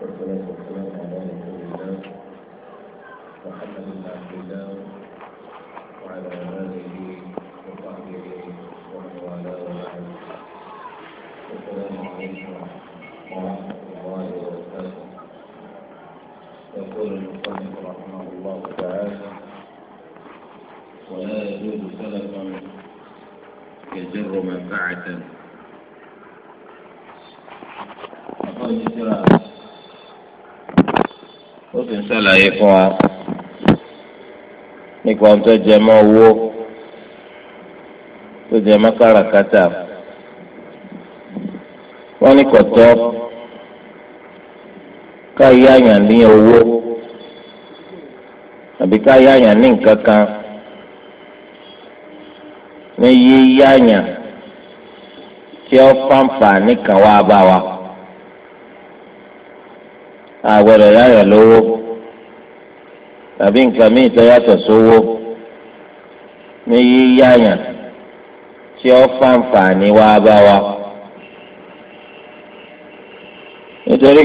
والصلاة والسلام على رسول الله محمد بن عبد الله وعلى آله وصحبه ومن والاه وبعد السلام عليكم ورحمة الله وبركاته يقول المصنف رحمه الله تعالى ولا يجوز سلف يجر منفعة أخرج سراج ó sì ń ṣàlàyé fún wa nípa ohun tó jẹ mọ́ owó tó jẹ mọ́ káràkátà wọ́n ní kọtọ ká yáyàn ní owó àbí ká yáyàn ní nǹkan kan ní yíyáyàn tí ó fàǹfà nìkan wá bá wa. àgbẹ̀rẹ̀ yáyà lówó tàbí nǹkan míì tó yàtọ̀ sówó ní yíyáyà tí ó fàǹfààní wá bá wa. nítorí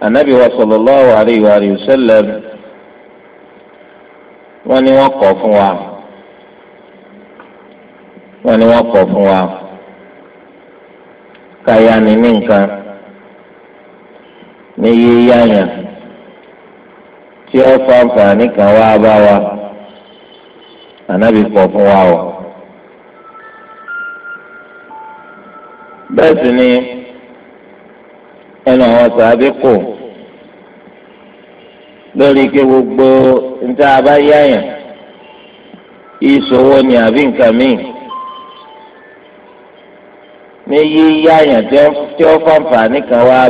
anabi wa sallallahu wa sallam wọ́n ní wọn kọ̀ fún wa ní ní yíyá yàn tí ó fa àǹfààní kan wá bá wa ànábì pọ̀ fún wa o. bẹ́ẹ̀ sì ni ẹnu àwọn kù lórí gbogbo níta bá yá yàn ìṣòwò ni àbí nǹkan míì ní yíyá yàn tí fa àǹfààní kan wá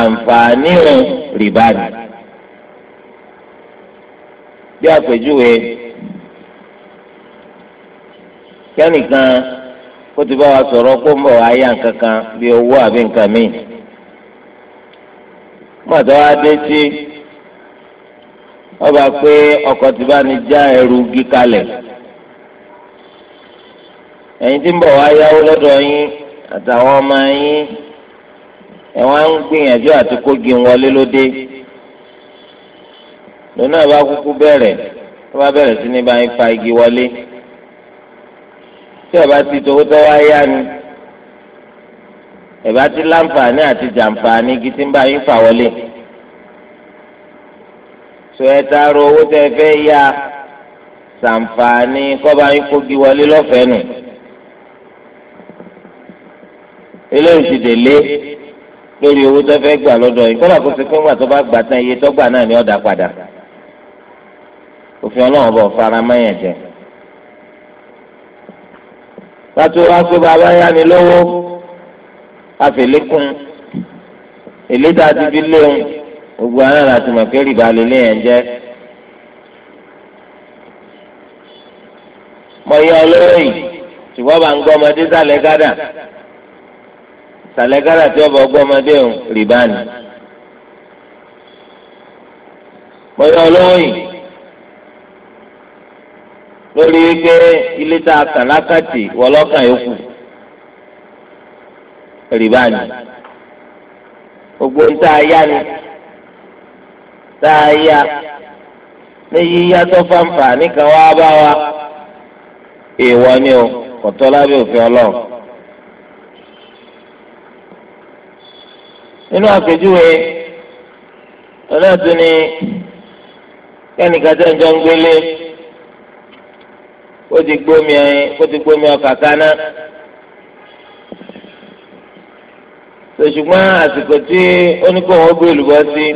àǹfààní rẹ̀ rìbá ni. bí àpèjúwe kẹ́nìkan kó ti bá wa sọ̀rọ̀ kó ń bọ̀ wá yá nǹkan kan bí owó àbí nǹkan míì. mọ̀tọ́ wa dé sí ọba pé ọkọ̀ ti bá ní já ẹrù gí ẹ̀yin tí ń bọ̀ wá yáwó lọ́dọ̀ yín àtàwọn ọmọ yín ẹ̀wọ̀n á ń gbìyànjú àti kógi wọlé lóde lónà bá kúkú bẹ̀rẹ̀ tó bá bẹ̀rẹ̀ sí ní bá ń fa igi wọlé tí ọba ti tówó tó wá yá ni ẹ̀bá ti láǹfààní àti jàǹfààní igi tí ń bá yín fà wọlé tó ẹ taaro owó tẹ fẹ́ yá sàǹfààní kọ́ba yín kógi wọlé lọ́fẹ̀ẹ́ nù eléyìí ti délé. lórí owó tó fẹ́ gbà lọ́dọ̀ yìí kọ́lá kó ṣe iye tó gbà náà ni ọ̀dà padà òfin ọlọ́run bọ̀ fara mẹ́yàn jẹ. pàtó wá bàbá yá ni lówó àfẹlẹ́kùn a ti fi léun gbogbo ara láti mọ̀ pé rìbá lélẹ̀ yẹn jẹ́. mọ̀ ṣùgbọ́n sàlẹ̀gàrà tí ọba ọgbọ́n ọmọdé ń rìbá ni. bóyá olówó yìí lórí wípé ilé tá a kàn lákàtì wọlọ́kàn yòókù rìbá ni. gbogbo ń tá a yá ni tá a yá ní yíyá tó fàǹfà níkan wá bá wa èèwọ̀ ni o kò tọ́ òfin ọlọ́run. nínú àpèjúwe ọlọ́ọ̀tún ni kẹ́nìkan tẹ́ ń jọ ń gbélé ó ti gbómi ó ti gbómi ọkà kaná ṣùgbọ́n àsìkò tí oníkóhùn ó gbé olùbọ́ sí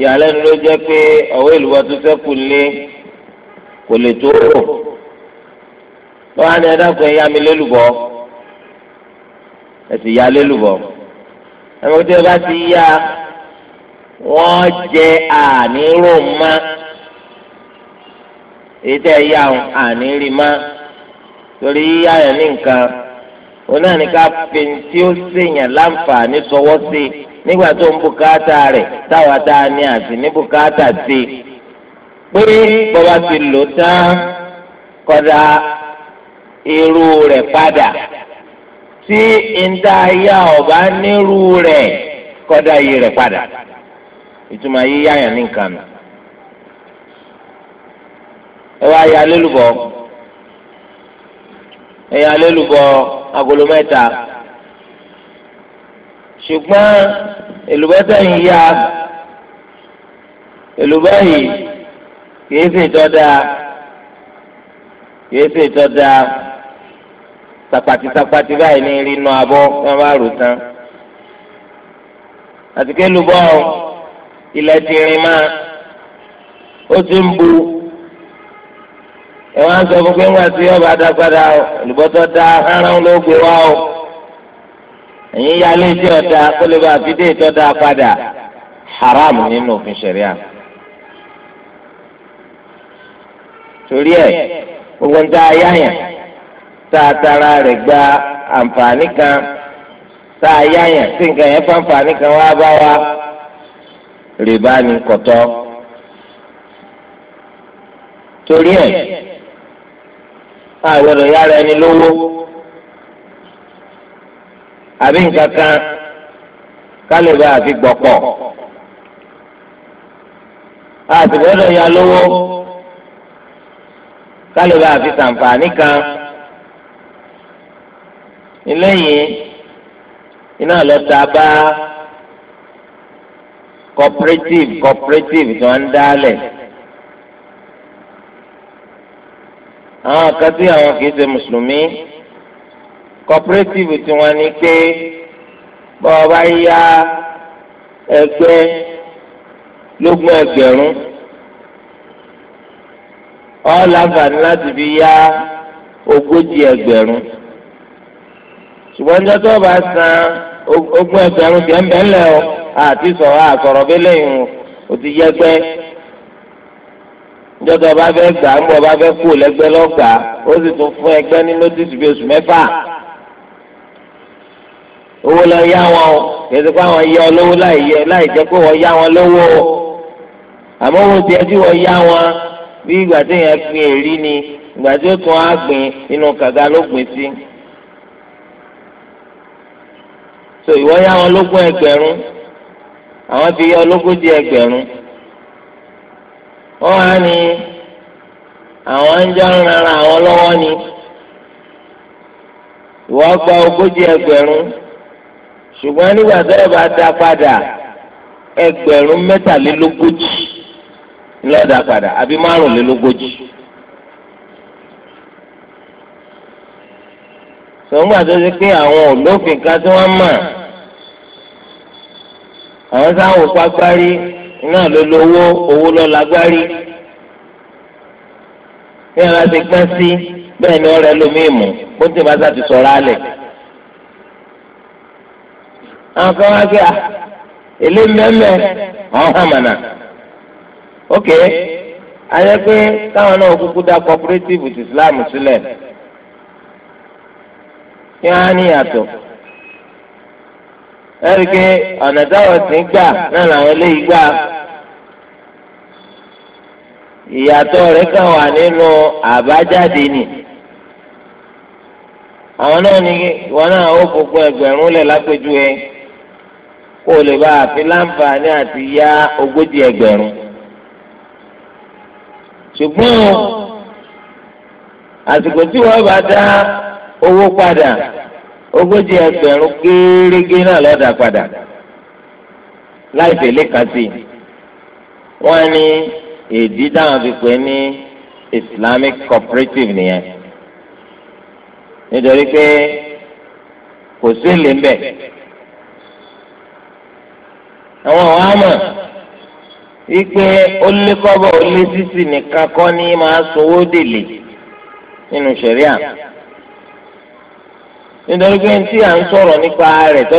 ìyàlẹ́nu ló jẹ́ pé ọ̀wọ́ olùbọ́ tó sẹ́kù lé kò lè tó rò lọ́wọ́ á ní ẹ̀dá kan yá mi lélùbọ́ ẹ̀ sì yá lélùbọ́ ẹ̀mọ́ tí wọ́n bá ti yá wọ́n jẹ àní rò mọ́ èyí tẹ́ yá àní rí mọ́ torí yíyá yẹn ní nǹkan oní àníká fi tí ó ṣèyàn láǹfààní sọwọ́ sí nígbà tó ń bùkátà rẹ̀ táwa tá a ní àti ní bùkátà sí pé bọ́ba ti lò tán kọ́dà irú rẹ̀ padà tí ìdá ayá ọba nírú rẹ̀ kọ́dá yìí rẹ̀ padà ìtumọ̀ yíyá yẹn ní nǹkan nù. ẹ wá ya lélùbọ́ ẹ ya lélùbọ́ agolo mẹ́ta ṣùgbọ́n èlùbọ́tà yìí ya èlùbọ́ yìí kìí sì tọ́ da kìí sì tọ́ da sakpati sakpati báyìí ní rinu abọ́ wọn bá rò tán àtìké lùbọ́ ilẹ̀ ti rìn máa ó ti ń bu ẹ̀wọ̀n á sọ fún pé wọ́n ti ọba dágbádá olùbọ́tọ́ da hánrán ló gbé wá o ẹ̀yin yálé tí ọ̀dà kó lè bá àfidé ìtọ́dá padà haram nínú òfin ṣẹ̀ríà. torí ẹ̀ gbogbo ń ta ayáyàn tá a tara rẹ̀ gba àǹfààní kan tá a yáyàn tí nǹkan yẹn fáǹfààní kan wá bá wa rìbá ni kọ̀tọ́ torí ẹ̀ àgbọ̀dọ̀ yára ẹni lówó àbí nǹkan kan kálíbà àfi gbọ̀pọ̀ àtìgbọ́dọ̀ ya lówó kálíbà àfi sàǹfààní kan eléyìí iná lọ́ta bá cooperative cooperative tí wọ́n ń dálẹ̀ àwọn kan tí àwọn kì í ṣe mùsùlùmí cooperative tí wọ́n ní pé bọ́ọ̀ bá yá ẹgbẹ́ lógún ẹgbẹ̀rún ọ̀làǹfààní láti fi yá ogójì ẹgbẹ̀rún ṣùgbọ́n ní ọjọ́ bá san ogún ẹgbẹ̀rún tiẹ̀ ń bẹ́ ńlẹ̀ o àti sọ̀rọ̀ àsọ̀rọ̀ bí lẹ́yìn o ti yẹgbẹ́ ní ọjọ́ bá fẹ́ gbà ń bọ̀ bá fẹ́ kú lẹ́gbẹ́ lọ́gbà ó sì tún fún ẹgbẹ́ ní notice bí oṣù mẹ́fà owó lọ yá wọn o kì í ṣe pé àwọn yẹ ọ lówó láì yẹ láì jẹ́ pé wọ́n yá wọn lówó o àmọ́ owó tiẹ̀ tí wọ́n yá wọn bí ìgbà tí èèyàn fi èrí ni ìgbà tí ó tún á gbìn inú kàga ló gbìn sí. so ìwọ yá wọn lógún ẹgbẹ̀rún àwọn fi yá ológójì ẹgbẹ̀rún wọn á ní àwọn ń já ń àwọn lọ́wọ́ ni ìwọ gba ogójì ẹgbẹ̀rún ṣùgbọ́n nígbà tẹ́lẹ̀ bá dá padà ẹgbẹ̀rún mẹ́tàlélógójì ńlọ́dà padà àbí márùnlélógójì. tòǹgbà tó ti pé àwọn olófin kan tí wọ́n mọ̀ àwọn sáwọn òkú agbárí iná ló lówó owó lọ́la agbárí ní ara ti pẹ́ sí bẹ́ẹ̀ ni ọ̀rẹ́ lomi ìmù kó tí bàtà ti sọ̀rọ̀ alẹ̀. àwọn kan wá gbé a èlé mẹ́mẹ́ àwọn hàmànà ok ayẹ pé káwọn náà kúkú dá cooperative ti Islam sílẹ̀. kí wọ́n á ní yàtọ̀ ẹ̀rí pé ọ̀nà táwọn sì ń gbà náà làwọn ìyàtọ̀ rẹ̀ wà nínú àbájáde nì àwọn náà ní wọn náà ó gbogbo ẹgbẹ̀rún lẹ̀ lápẹjù ẹ kó o lè bá àfi láǹfààní àti ya ogójì ẹgbẹ̀rún ṣùgbọ́n àsìkò tí wọ́n bá owó padà ogójì ẹgbẹ̀rún gérégé náà lọ́dà padà láì tẹ̀lé kan sí i wọ́n ní èdè dáhùn fi pè ní Islamic cooperative nìyẹn nítorí pé kò sí èlé ń bẹ̀ àwọn àwọn àmọ̀ wípé ó lé kọ́bọ̀ ó lé sísì nìkan kọ́ ní máa sanwó délé nínú ṣẹ̀ríà. Yeah nítorí pé tí à ń sọ̀rọ̀ nípa rẹ̀ tó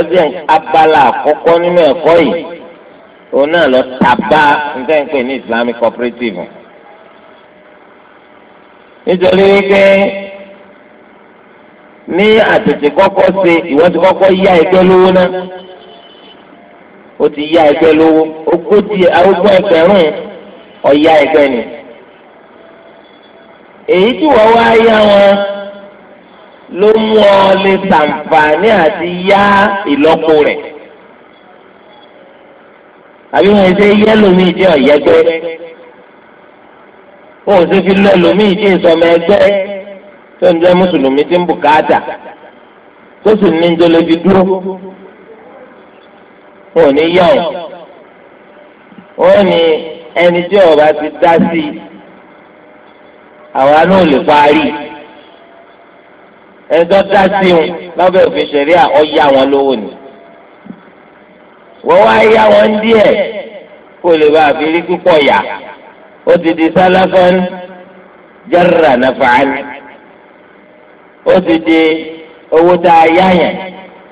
abala àkọ́kọ́ nínú ẹ̀kọ́ yìí òun náà lọ tàbá nǹkan ìpè ní Islamic cooperative nítorí wípé ní àtètè kọ́kọ́ ṣe ìwọ́n ti kọ́kọ́ yá ẹgbẹ́ lówó náà ó ti yá ẹgbẹ́ lówó ogójì arúgbó ẹgbẹ̀rún ọ̀yá ẹgbẹ́ ni èyí tí wọ́n wá yá wọn ló mú ọ lè ṣàǹfààní àti yá ìlọ́po rẹ̀ àbí wọn ṣe yẹ lómi jẹ ọ̀yẹ́gbẹ́ wọn ò sì fi lọ lómi jẹ ìsọmọ ẹgbẹ́ tó ń jẹ mùsùlùmí tí ń bùkátà tó sì ní njọlẹ fi dúró wọn ò ní yá ọ wọn ní ẹni tí ọba ti dá sí àwa náà lè parí ẹjọ́ dá sí wọn lábẹ́ òfin ṣẹ̀ríà ọ yá wọn lówó ni wọ́n wá yá wọn díẹ̀ kó lè bá àfi rí púpọ̀ yá ó ti di sálafán jarra naf'an ó ti di owó tá a yá yẹn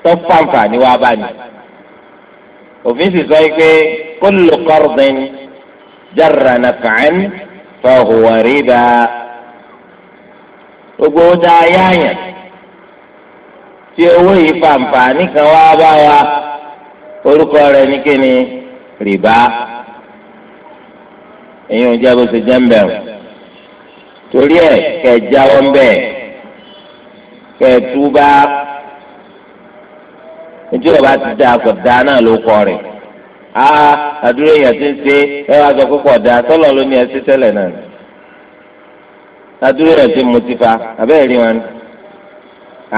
tó fàǹfà ní wàá bá ní òfin sì sọ pé kullu qardin jarra naf'an fa huwa riba gbogbo owó tá a yá yẹn tí owó yìí fàǹfà nìkan wá bá wa orúkọ rẹ̀ ní kíni rìbá èyí ò jẹ́ bó ṣe jẹ́ ń bẹ̀rù torí ẹ̀ kẹ̀ jáwọ́ ń bẹ̀ kẹ̀ túbá ojú ọba ti dá kò dá náà ló kọ rẹ̀ á àdúró èèyàn ti ń ṣe ẹ wá sọ pé dá sọ́lọ́ ló ní ẹ sí tẹ́lẹ̀ náà àdúró èèyàn ti mutí fa àbẹ́ẹ̀ wọn ni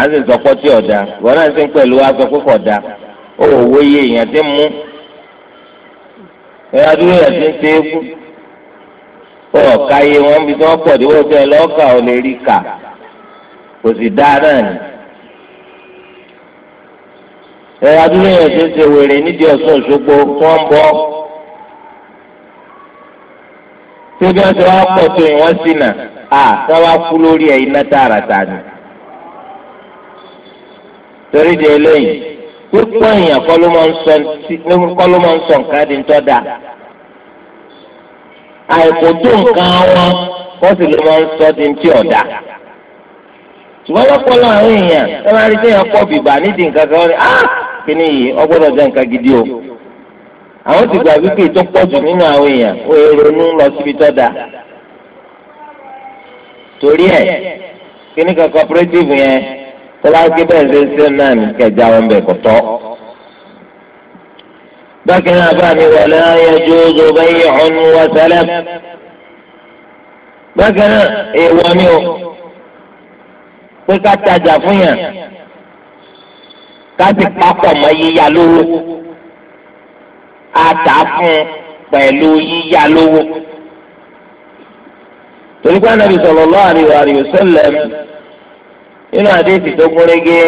à ń sì sọpọ́ tí ọ̀dà ìwọ náà sì ń pẹ̀lú aṣọ púpọ̀ dá ó wò wó iye èèyàn ti mú ẹ̀yà dúró yẹn ti ń ṣe é kú ó ọ̀ka iye wọn bí wọ́n pọ̀ dé wọ́n tẹ́ lọ́ọ̀kà ò lè rí kà kò sì dá náà ni ẹ̀yà dúró yẹn ti ń ṣe wèrè nídìí Ọ̀ṣun Òṣogbo tí wọ́n ń bọ́ tí wọ́n ti wá pọ̀ tó yẹn wọ́n sì nà á tí kú lórí ẹ̀ iná tààràtà ni torí di eléyìí pípọ̀ èèyàn kọ́ ló máa ń sọ nǹkan di ńtọ́ da àìkò tó nǹkan wọn wọ́n sì ló máa ń sọ di ńtí ọ̀dà ṣùgbọ́n lọ́pọ̀lọ́ àwọn èèyàn ẹ máa rí sẹ́yìn ọkọ̀ bìbà nídìí nǹkan kan wọ́n ní ah kíní yìí ọgbọ́dọ̀ jẹ́ nǹkan gidi o àwọn ti gbà wípé tó pọ̀ jù nínú àwọn èèyàn ó ronú lọ síbi tó da torí ẹ̀ kíní kan cooperative yẹn tọ́láńkì bẹ́ẹ̀ ṣe ń ṣe náà ní kẹjá wọn bẹ̀ kọ́ tọ́. bákan náà bá mi wà láàyè jóòzó báyìí ọ̀nù wa sálẹ̀. bákan náà èèwọ̀ ni o pé ká tajà fún yàn ká sì papọ̀ mọ́ yíya lówó á fún pẹ̀lú yíya lówó. torí pé Ànábì sallallahu alaihi wa sallam nínú àdéhìí tó gúnrégé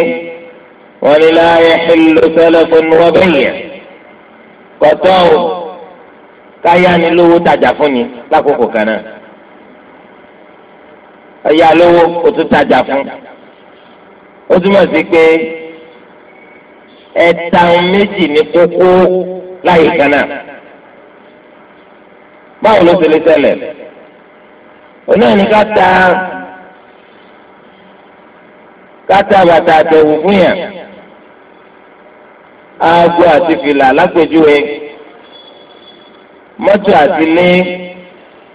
wọn ni láàyè ìlú sẹlẹfọn wọn bẹyẹ kọtọ o káyà ni lówó tajà fún ni lákòókò kan náà ẹyà lówó o tún tajà fún ó túmọ̀ sí pé ẹ̀ta méjì ní kókó láyé kan náà báwo ló ti lè ṣẹlẹ̀ onáà ní ká ta kátà bàtà àtẹ̀wò fún yàn aago àti fìlà lápèjúwe mọ́tò àti lé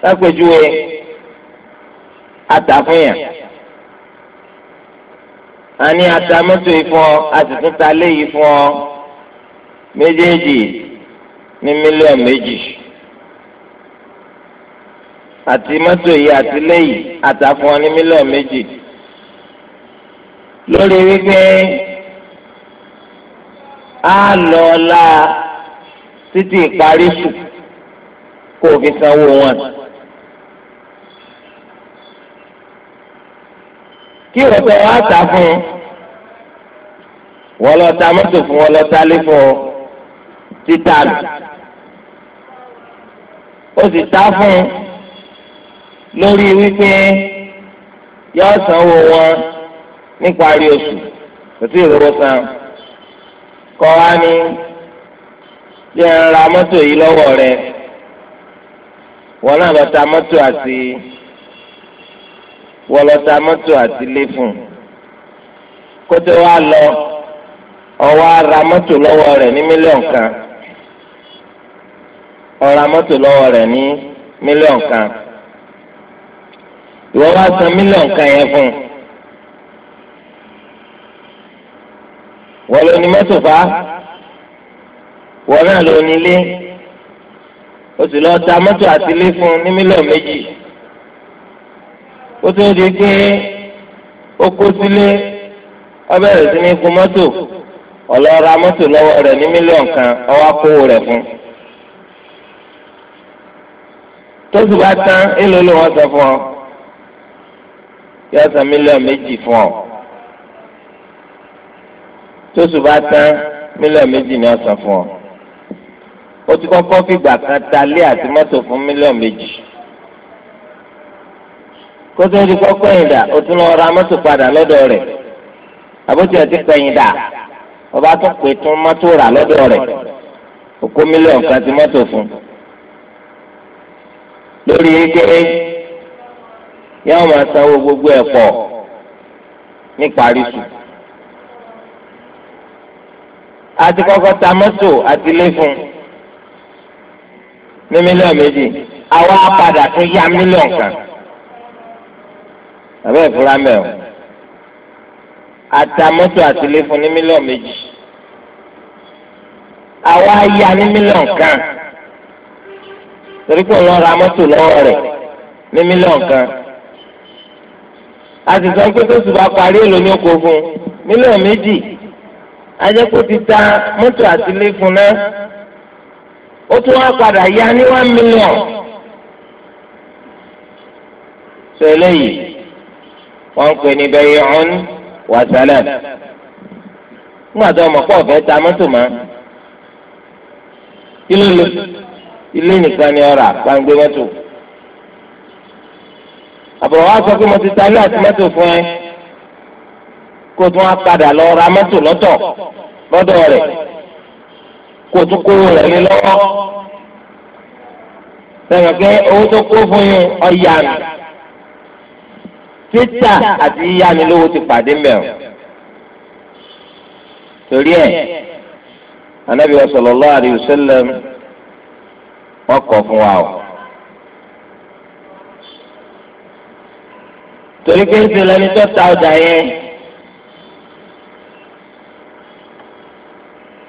lápèjúwe ata fún yàn àní ata mọ́tò yìí fún ọ àti tún ta lé yìí méjèèjì ní mílíọ̀nù méjì àti mọ́tò yìí àti lé ata fún ọ ní mílíọ̀nù méjì lórí wípé a lọ la títí ìparí sùn kó o fi sanwó wọn. kí wọ́n sọ wá tà fún un wọ́n lọ ta mọ́tò fún wọn lọ tálé fún ọ títà lù ó sì tá fún lórí wípé yọ sanwó wọn níparí oṣù kò sí ìrọwọ́ san kọ́ wa ní jẹ́ ń ra mọ́tò yìí lọ́wọ́ rẹ wọ́n náà lọ ta mọ́tò àti wọ́n lọ ta mọ́tò àti ilé fún un kótó wa lọ ọwọ́ ara mọ́tò lọ́wọ́ rẹ̀ ní mílíọ̀n kan ọ̀ra mọ́tò lọ́wọ́ rẹ̀ ní mílíọ̀n kan ìwọ wá san mílíọ̀n kan yẹn fún un wọ́n ló ní mọ́tò fa wọ́n o sì lọ́ọ́ ta mọ́tò àti ilé fún un ní mílíọ̀nù méjì ó tún di pé ó kó sílé ó bẹ̀rẹ̀ sí ní kun mọ́tò ọlọ́ra mọ́tò lọ́wọ́ rẹ̀ ní mílíọ̀nù kan ọwọ́ kówó rẹ̀ fún un. tóṣù bá tán èlò ló wọ́n sọ fún ọ yóò san mílíọ̀nù méjì fún ọ tóṣù bá tán mílíọ̀nù méjì ni wọ́n san fún ọ. ó ti kọ́kọ́ fìgbà kan ta lé àti mọ́tò fún mílíọ̀nù méjì. kó tó di kọ́kọ́ ìdá ó tún lọ ra mọ́tò padà lọ́dọ̀ rẹ̀ àbótí ẹ̀ ti kẹ́yìn dà ọba tó pè tún mọ́tò rà lọ́dọ̀ rẹ̀ òkú mílíọ̀nù kan ti mọ́tò fún. lórí ike yóò máa sanwó gbogbo ẹ̀ pọ̀ níparí sùn àti kọ́kọ́ ta mọ́tò àti ilé fún ní mílíọ̀nù méjì àwa padà tún yá mílíọ̀nù kan àbẹ́ ìfúra mẹ́wọ̀n àta mọ́tò àti ilé fún ní mílíọ̀nù méjì àwa yá ní mílíọ̀nù kan torí pé wọ́n ra mọ́tò lọ́wọ́ rẹ̀ ní mílíọ̀nù kan a sì sọ pé tó sì bá parí èlò ní oko fún mílíọ̀nù méjì ajẹ́kó ti ta mọ́tò àti ilé fún náà ó tún wá padà ya ní one million sọlẹ yìí wọ́n ń pè ní bẹyẹ ọ̀hún wàsálà nígbà tó ọmọ pọ̀ fẹ́ ta mọ́tò mọ́ kí ló lò ilé nìkan ni ọ̀rà gbàǹgbé mọ́tò àbúrò wa sọ pé mo ti ta ilé àti mọ́tò fún ẹ kó tún wá padà lọ ra mọ́tò lọ́tọ̀ lọ́dọ̀ rẹ̀ kó tún kówó rẹ̀ ní lọ́wọ́ sẹ́yìn pé owó tó kó fún yín ọ̀yà mi títà àti yíyá mi lówó ti pàdé mẹ́rin torí ẹ̀ anabi wa sallallahu alayhi wọ́n kọ̀ fún wa o. torí pé ń ṣe lẹni tó ta ọjà yẹn.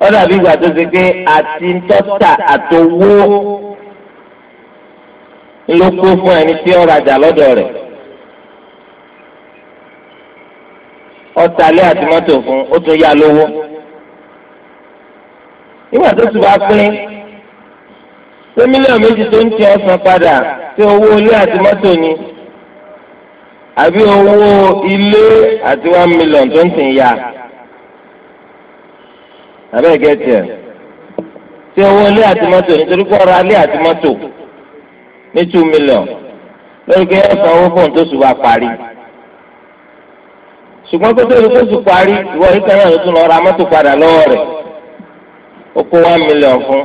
ó dàbí ìgbà tó ṣe pé àti tọ́tà àtòwó ló kó fún ẹni tí ó rajà lọ́dọ̀ rẹ̀. ọ̀tàlẹ́ àti mọ́tò fún ó tún yá lówó. nígbà tó tún bá pín pé mílíọ̀nù méjì tó ń tẹ ọ̀sán padà sí owó ilé àti mọ́tò ni àbí owó ilé àti one million tó ń tẹ̀ ya abẹ́ẹ̀ gẹ́tì ẹ̀ tí owó ilé àti mọ́tò nítorí pé ọ̀rọ̀ alẹ́ àti mọ́tò ní two million lórí pé ẹ̀sán owó fóun tó sùn wá parí ṣùgbọ́n pété olùkó sùn parí ìwọ yìí kan náà ló tún lọ ra mọ́tò padà lọ́wọ́ rẹ̀ ó kó one million fún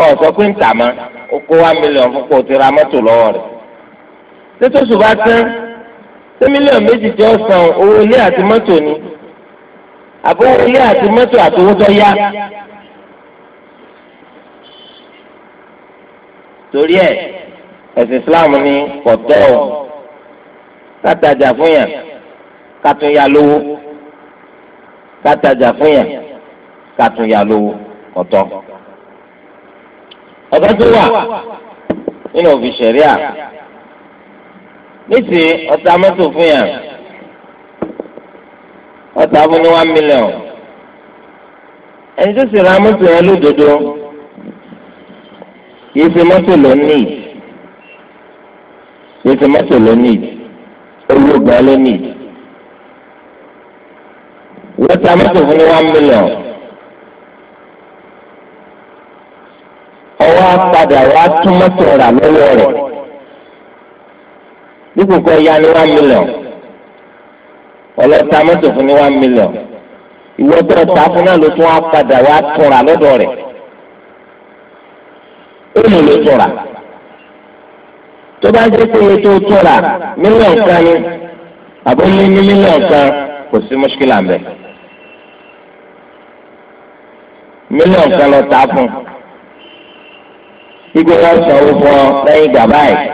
ọ sọ pé ń tà má ó kó one million fún kó o ti ra mọ́tò lọ́wọ́ rẹ̀ tètè sùn bá tán ṣé mílíọ̀nù méjì jẹ́ ọ̀sán owó ilé àti ni àbówó ilé àti mọ́tò àtòwó tó yá. torí ẹ ẹ̀sìn Islam ní pọ̀tọ́ ò kátàjà fún yàn kátúnyà lówó kátàjà fún yàn kátúnyà lówó ọ̀tọ̀. ọ̀tọ̀ tó wà nínú òfin ṣẹ̀ríà níṣẹ́ ọ̀tá mọ́tò fún yàn wọ́n ta fún ní one million ẹni tó sì ra mọ́tò yẹn lódodo kì í fi mọ́tò ló ní ìdí kì í fi mọ́tò ló ní ìdí owó gan ló ní ìdí wọ́n ta mọ́tò fún ní one million ọwọ́ apàdà wa tún mọ́tò rà lọ́wọ́ rẹ̀ dípò kọ́ ya ní one million ọlọ́ta mọ́tò fún ní one million ìwọ tó ọ̀tá fún náà ló tún wá padà wá túnra lọ́dọ̀ rẹ̀ ó mú ló túnra tó bá jẹ́ pé ètò túnra mílíọ̀n kan ni àbó ní ní mílíọ̀n kan kò sí mọ́ṣíkìlà ń bẹ̀ mílíọ̀n kan lọ tà fún igbó wọn sanwó fún ọ lẹ́yìn ìgbà báyìí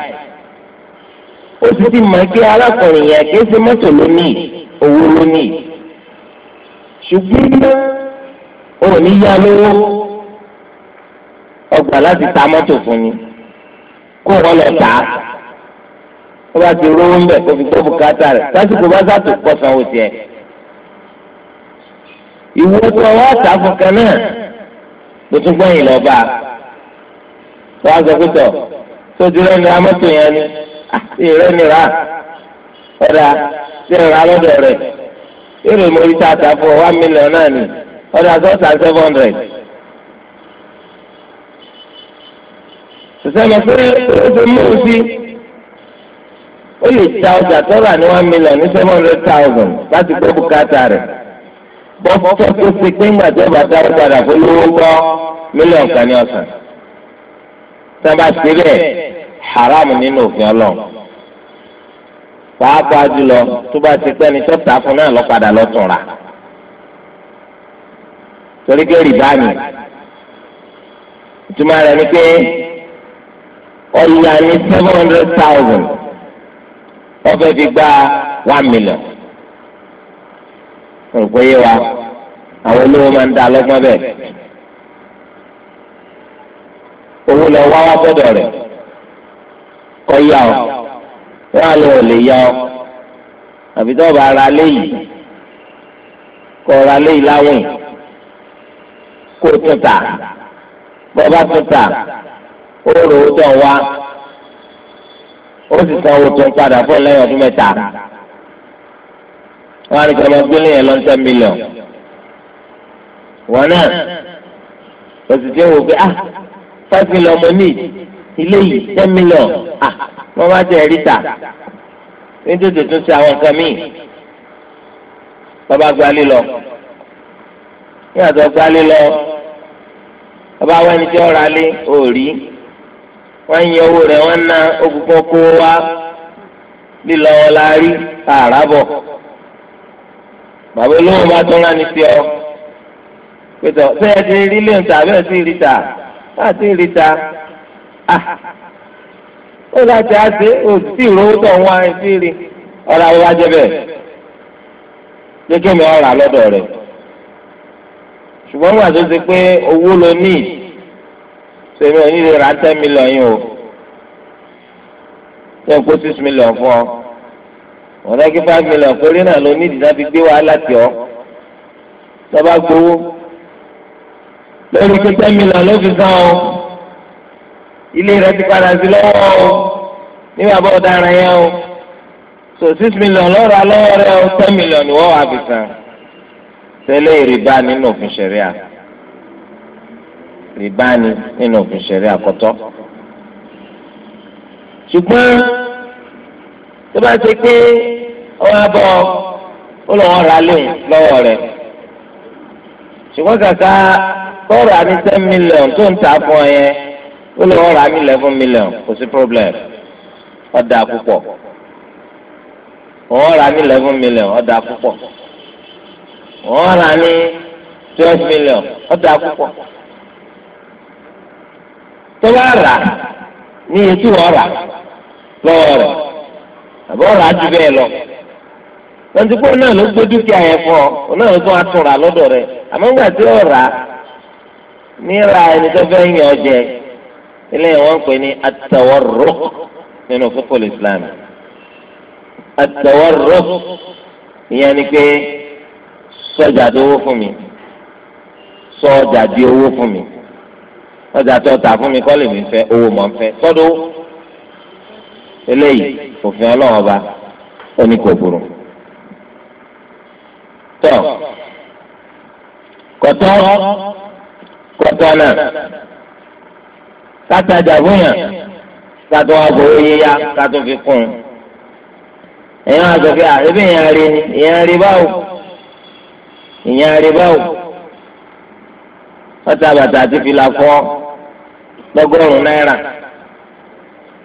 ó sì ti mọ̀ pé alákùnrin yẹn kì í ṣe mọ́tò lónìí owó ló ní ṣùgbọ́n ò ní yá lówó ọgbà láti ta mọ́tò fún ni kó wọ́n lọ tà á wọ́n bá ti rówó ńbẹ̀ kó fi gbọ́ bùkátà rẹ̀ sásìkò bá sàtò pọ̀ sanwó tiẹ̀ ìwọ tó wá tà fún kan náà ló tún gbẹ̀yìn lọ́ba wọ́n á sọ pé tọ̀ tó ti rẹ́ni amọ́tò yẹn ni ah, ìrẹ́ni rà á ọ̀dà tí ìrora lọ́dọ̀ rẹ̀ èrè mórí tá a tà fún ọ one million náà ni ọ̀dà sọ́ọ̀sà seven hundred. sọ̀sẹ́mi pé ó ti mú un sí ó lè ta ọjà tó rà ní one million ní seven hundred thousand láti gbọ́ bùkátà rẹ̀ bọ́fọ́ tó ti pé ńgbà tó bá dáwọ́ padà fún lówó gbọ́ mílíọ̀nù kan ní ọ̀sán. sábà sílẹ̀ haram nínú òfin ọlọ́run pàápàá jùlọ tó bá ti pẹ́ni tó tà fún náà lọ́padà lọ́tún rà torí pé rìbá ni ìtumọ̀ rẹ̀ ni pé ọ̀yà ní seven hundred thousand wọ́n fẹ́ fi gba one million òkú yé wa àwọn olówó máa ń da lọ́gbọ́n bẹ́ẹ̀ owó lọ wá wá gbọ́dọ̀ rẹ̀ kọ́ yá ọ wọn àlọ ò lè yá ọ àbí tó bá ara léyìí kọ ra léyìí láwìn kó tún tà bọba tún tà ó rò ó tàn wá ó sì san owó tó ń padà fún lẹ́yìn ọdún mẹ́ta wọn àti kọlọ gbélé yẹn lọ ń ten wọn náà òsì tí ó wò pé ah five million mo ní ilé yìí ten million ah wọ́n bá tẹ̀ rí ta nítorí tuntun sí àwọn nǹkan míì bàbá gbalé lọ ní àtọ gbalé lọ bàbá wọn ẹni tí ọ̀rọ̀ alẹ́ ò rí wọ́n yin owó rẹ̀ wọ́n ná okùnkùn kó wá lílọ wọn la rí tààrà bọ̀ bàbá olóhùn bá tún rání sí ọ pẹ̀tọ̀ sẹ́yìn ti rí lẹ́yìn tàbí ẹ̀ sí rí ta láti rí ta ah ó láti àṣẹ òsì ìrówó tó ń wá ẹbí rí ọ̀rọ̀ àwọn ajẹ́ bẹ́ẹ̀ jẹ́ kí mi ọ̀rọ̀ àlọ́dọ̀ rẹ̀ ṣùgbọ́n wà tó ṣe pé owó lo ní ṣèmi ò ní lè ra ten million yìí o yẹn kó six million fún ọ wọn lọ kí five million péré náà ló ní ìdílé fi gbé wàhálà tì ọ lọ́ba gbowó lórí pé ten million ló fi san ọ ilé rẹ ti padà sí lọ́wọ́ o ní bàbá ọ̀daràn yẹn o so six million lọ́ra lọ́wọ́ rẹ o ten million ni wọ́n wà fi san tẹ́lẹ̀ ìrìbá nínú òfin ṣẹ̀ríà ìrìbá ni nínú òfin ṣẹ̀ríà kọ́tọ́ ṣùgbọ́n tó bá ṣe pé ọ̀hún abọ́ ó lọ́wọ́ ra lóhùn lọ́wọ́ rẹ̀ ṣùgbọ́n kàkà kọ́ọ̀rọ̀ àní ten million tó ń ta fún ọ yẹn. ó lè wọ́n rà eleven million kò sí problem ọ̀dà púpọ̀ wọ́n rà ní eleven million ọ̀dà púpọ̀ wọ́n rà ní twelve million ọ̀dà púpọ̀ tó bá rà ní iye tí wọ́n rà lọ́wọ́ rẹ̀ àbọ̀ rà ju bẹ́ẹ̀ lọ tontugbo náà ló gbé dúkìá yẹn fún ọ náà ló tún ra ẹni tó fẹ́ eléyìí wọ́n ń pè ní atawarruq nínú fúnfún islam atawarruq ìyẹn ni pé sọjà di owó fún mi sọjà di owó fún mi ọjà tó ta fún mi kọ́ lè mi fẹ́ owó mọ̀ ń fẹ́ sọ́dọ̀ eléyìí òfin ọlọ́run ọba ó tọ́ kọ́tọ́ kọ́tọ́ náà kátajà fúnyà kátó wà gbowó yíyá kátó fi kún un èèyàn àgbẹ̀ pé àbẹ̀bẹ̀ èèyàn rí ni èèyàn rí báwò èèyàn rí báwò wọ́n ta bàtà àti fìlà fún ọ lọ́gọ́rùn-ún náírà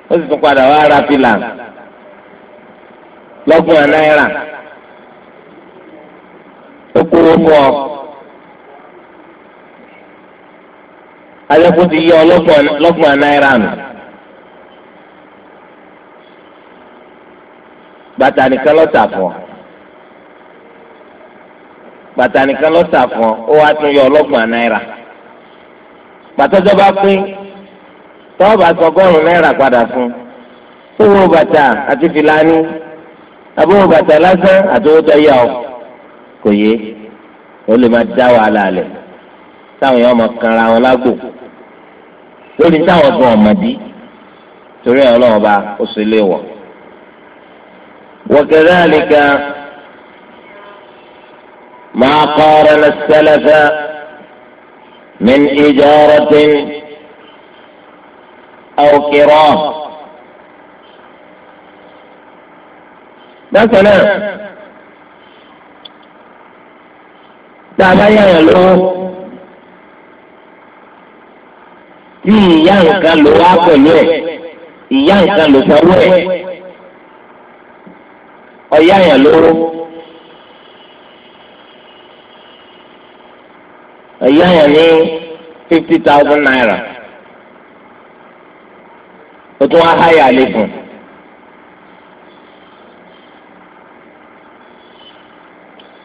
ó sì tún padà wá ra fìlà lọ́gọ́rùn náírà ó kúrò fún ọ. adẹ́kun ti yẹ ọlọ́gbọ̀n náírà nù. bàtà nìkan lọ́tà fún ọ bàtà nìkan lọ́tà fún ọ ó wá tún yọ ọlọ́gbọ̀n náírà bàtọ́jọ́ bá pín tọ́ọ̀bà sọgọ́rùn-ún náírà padà fún tó wọ bàtà àti fìlàní abúlé bàtà lásán àti owó tó yà ọ kò yé o lè má dá wàhálà lẹ̀ táwọn èèyàn máa kanra wọn lágbo lórí táwọn gan ọmọdé torí ẹ̀ ọlọ́run bá ó sì lé wọ̀. وكذلك ما قارن السلف من إجارة أو كرام مثلا تعبان يا tí ìyá nǹkan lò wá pẹ̀lú ẹ̀ ìyá nǹkan lò sanwó ẹ̀ ọ̀yá yẹn lówó ọ̀yá yẹn ní fifty thousand naira o tún wá háyà lẹ́kùn.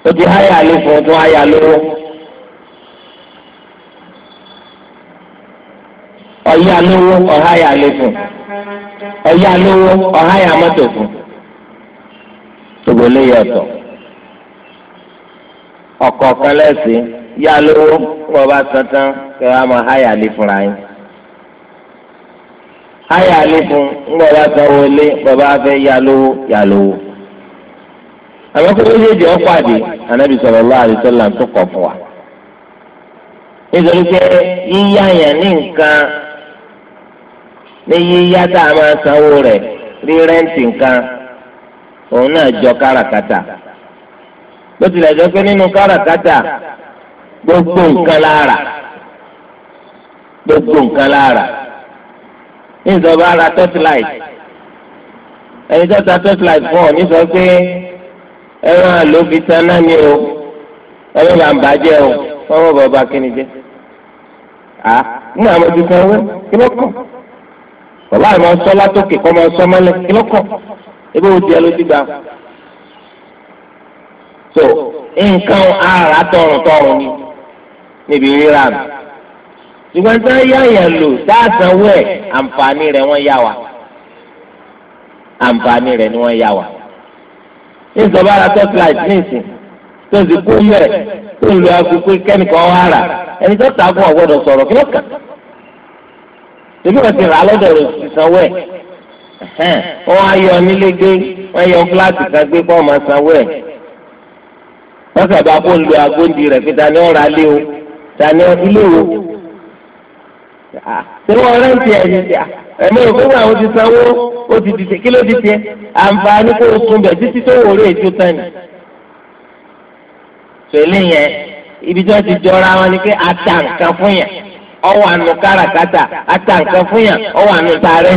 o ti háyà lẹ́kùn o tún háyà lówó. ọ̀yá lówó ọha yà ya fún ọ̀yá lówó ọ̀há yà mọ́tò fún gbogbo lè yàtọ̀ ọkọ̀ kan lẹ́sìn yá lówó kó o bá tuntun kí wọ́n á háyà lé fúnra yín háyà lé fún sanwó lé bàbá fẹ́ yá lówó yá lówó ní yíyá tá a máa sanwó rẹ̀ rí rẹ́ǹtì nǹkan òun náà jọ káràkátà bó tilẹ̀ jọ pé nínú káràkátà gbogbo nǹkan lára gbogbo nǹkan lára níjọba ara torchlight ẹni tó ta torchlight fún ọ nísọ pé ẹran àlóbi tán náà ni o ẹni bá ń bàjẹ́ o wọ́n bàbá kí ni jẹ́ à ń àwọn ojú kan kí ló kàn bàbá àìmọ̀ sọ látòkè kọ́ máa sọ mọ́lẹ̀ kílọ́kọ̀ ebi wo diẹ ló ti gbà. so nǹkan ara tọrùn tọrùn ni níbi rírà mi ṣùgbọ́n tí wọ́n yá yẹn lò dáàsanwó ẹ̀ àǹfààní rẹ̀ wọ́n yá wa àǹfààní rẹ̀ ni wọ́n yá wa. ní ìsọ̀bá ara tó flight ní ìsìn tó ti kú mẹ́rẹ̀ tó lu aago kẹ́nìkan wá rà ẹni tó tààgùn ọ̀gbọ́dọ̀ sọ̀rọ̀ kí ebi wọn ti rà á lọ́dọ̀ rẹ̀ ìsanwó ẹ̀ wọ́n á yọ nílé gbé wọ́n yọ gíláàsì kan gbé kọ́ ọmọ sanwó ẹ̀ wọ́n sábà kó ń lo agbóǹdì rẹ̀ pé ta ni ó ra lé o ta ni ilé wo ah, ṣé wọ́n rẹ́ǹtì ẹ̀ ní ìyá ah, ẹ̀mí òfin àwọn ti sanwó ó ti dìde kí ló di tiẹ̀ àǹfààní kó o sun bẹ̀ títí tó wò ó rè tó tán ni. pèlè yẹn ibi tí wọ́n ti jọra wọn ni pé a nǹkan fún yẹn ọwọ́ àánú káràkátà àtà nǹkan fún yàn ọwọ́ àánú tààrẹ́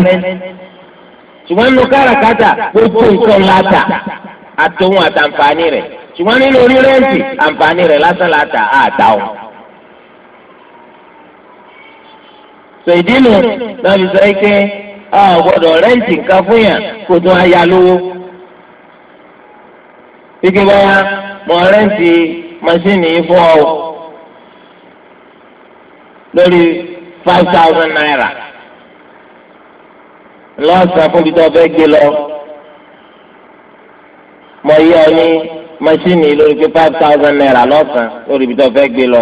ṣùgbọ́n nínú káràkátà gbogbo nǹkan láta àtòhun àtàǹfààní rẹ̀ ṣùgbọ́n nínú orí rẹ́ǹtì àǹfààní rẹ̀ lásán láta àtà o. sọ ìdí nu náà fi sọ pé a ò gbọdọ̀ rẹ́ǹtì nǹkan fún yàn kó tún á yá lówó. fíkí bá wa mọ rẹ́ǹtì mọ́ṣíìnì yìí fún ọ lórí five thousand naira lọ́sàn-án fún ibi tó fẹ́ gbé lọ mọ iye ọ ní lórí pé five thousand naira lọ́sàn-án lórí ibi tó fẹ́ gbé lọ.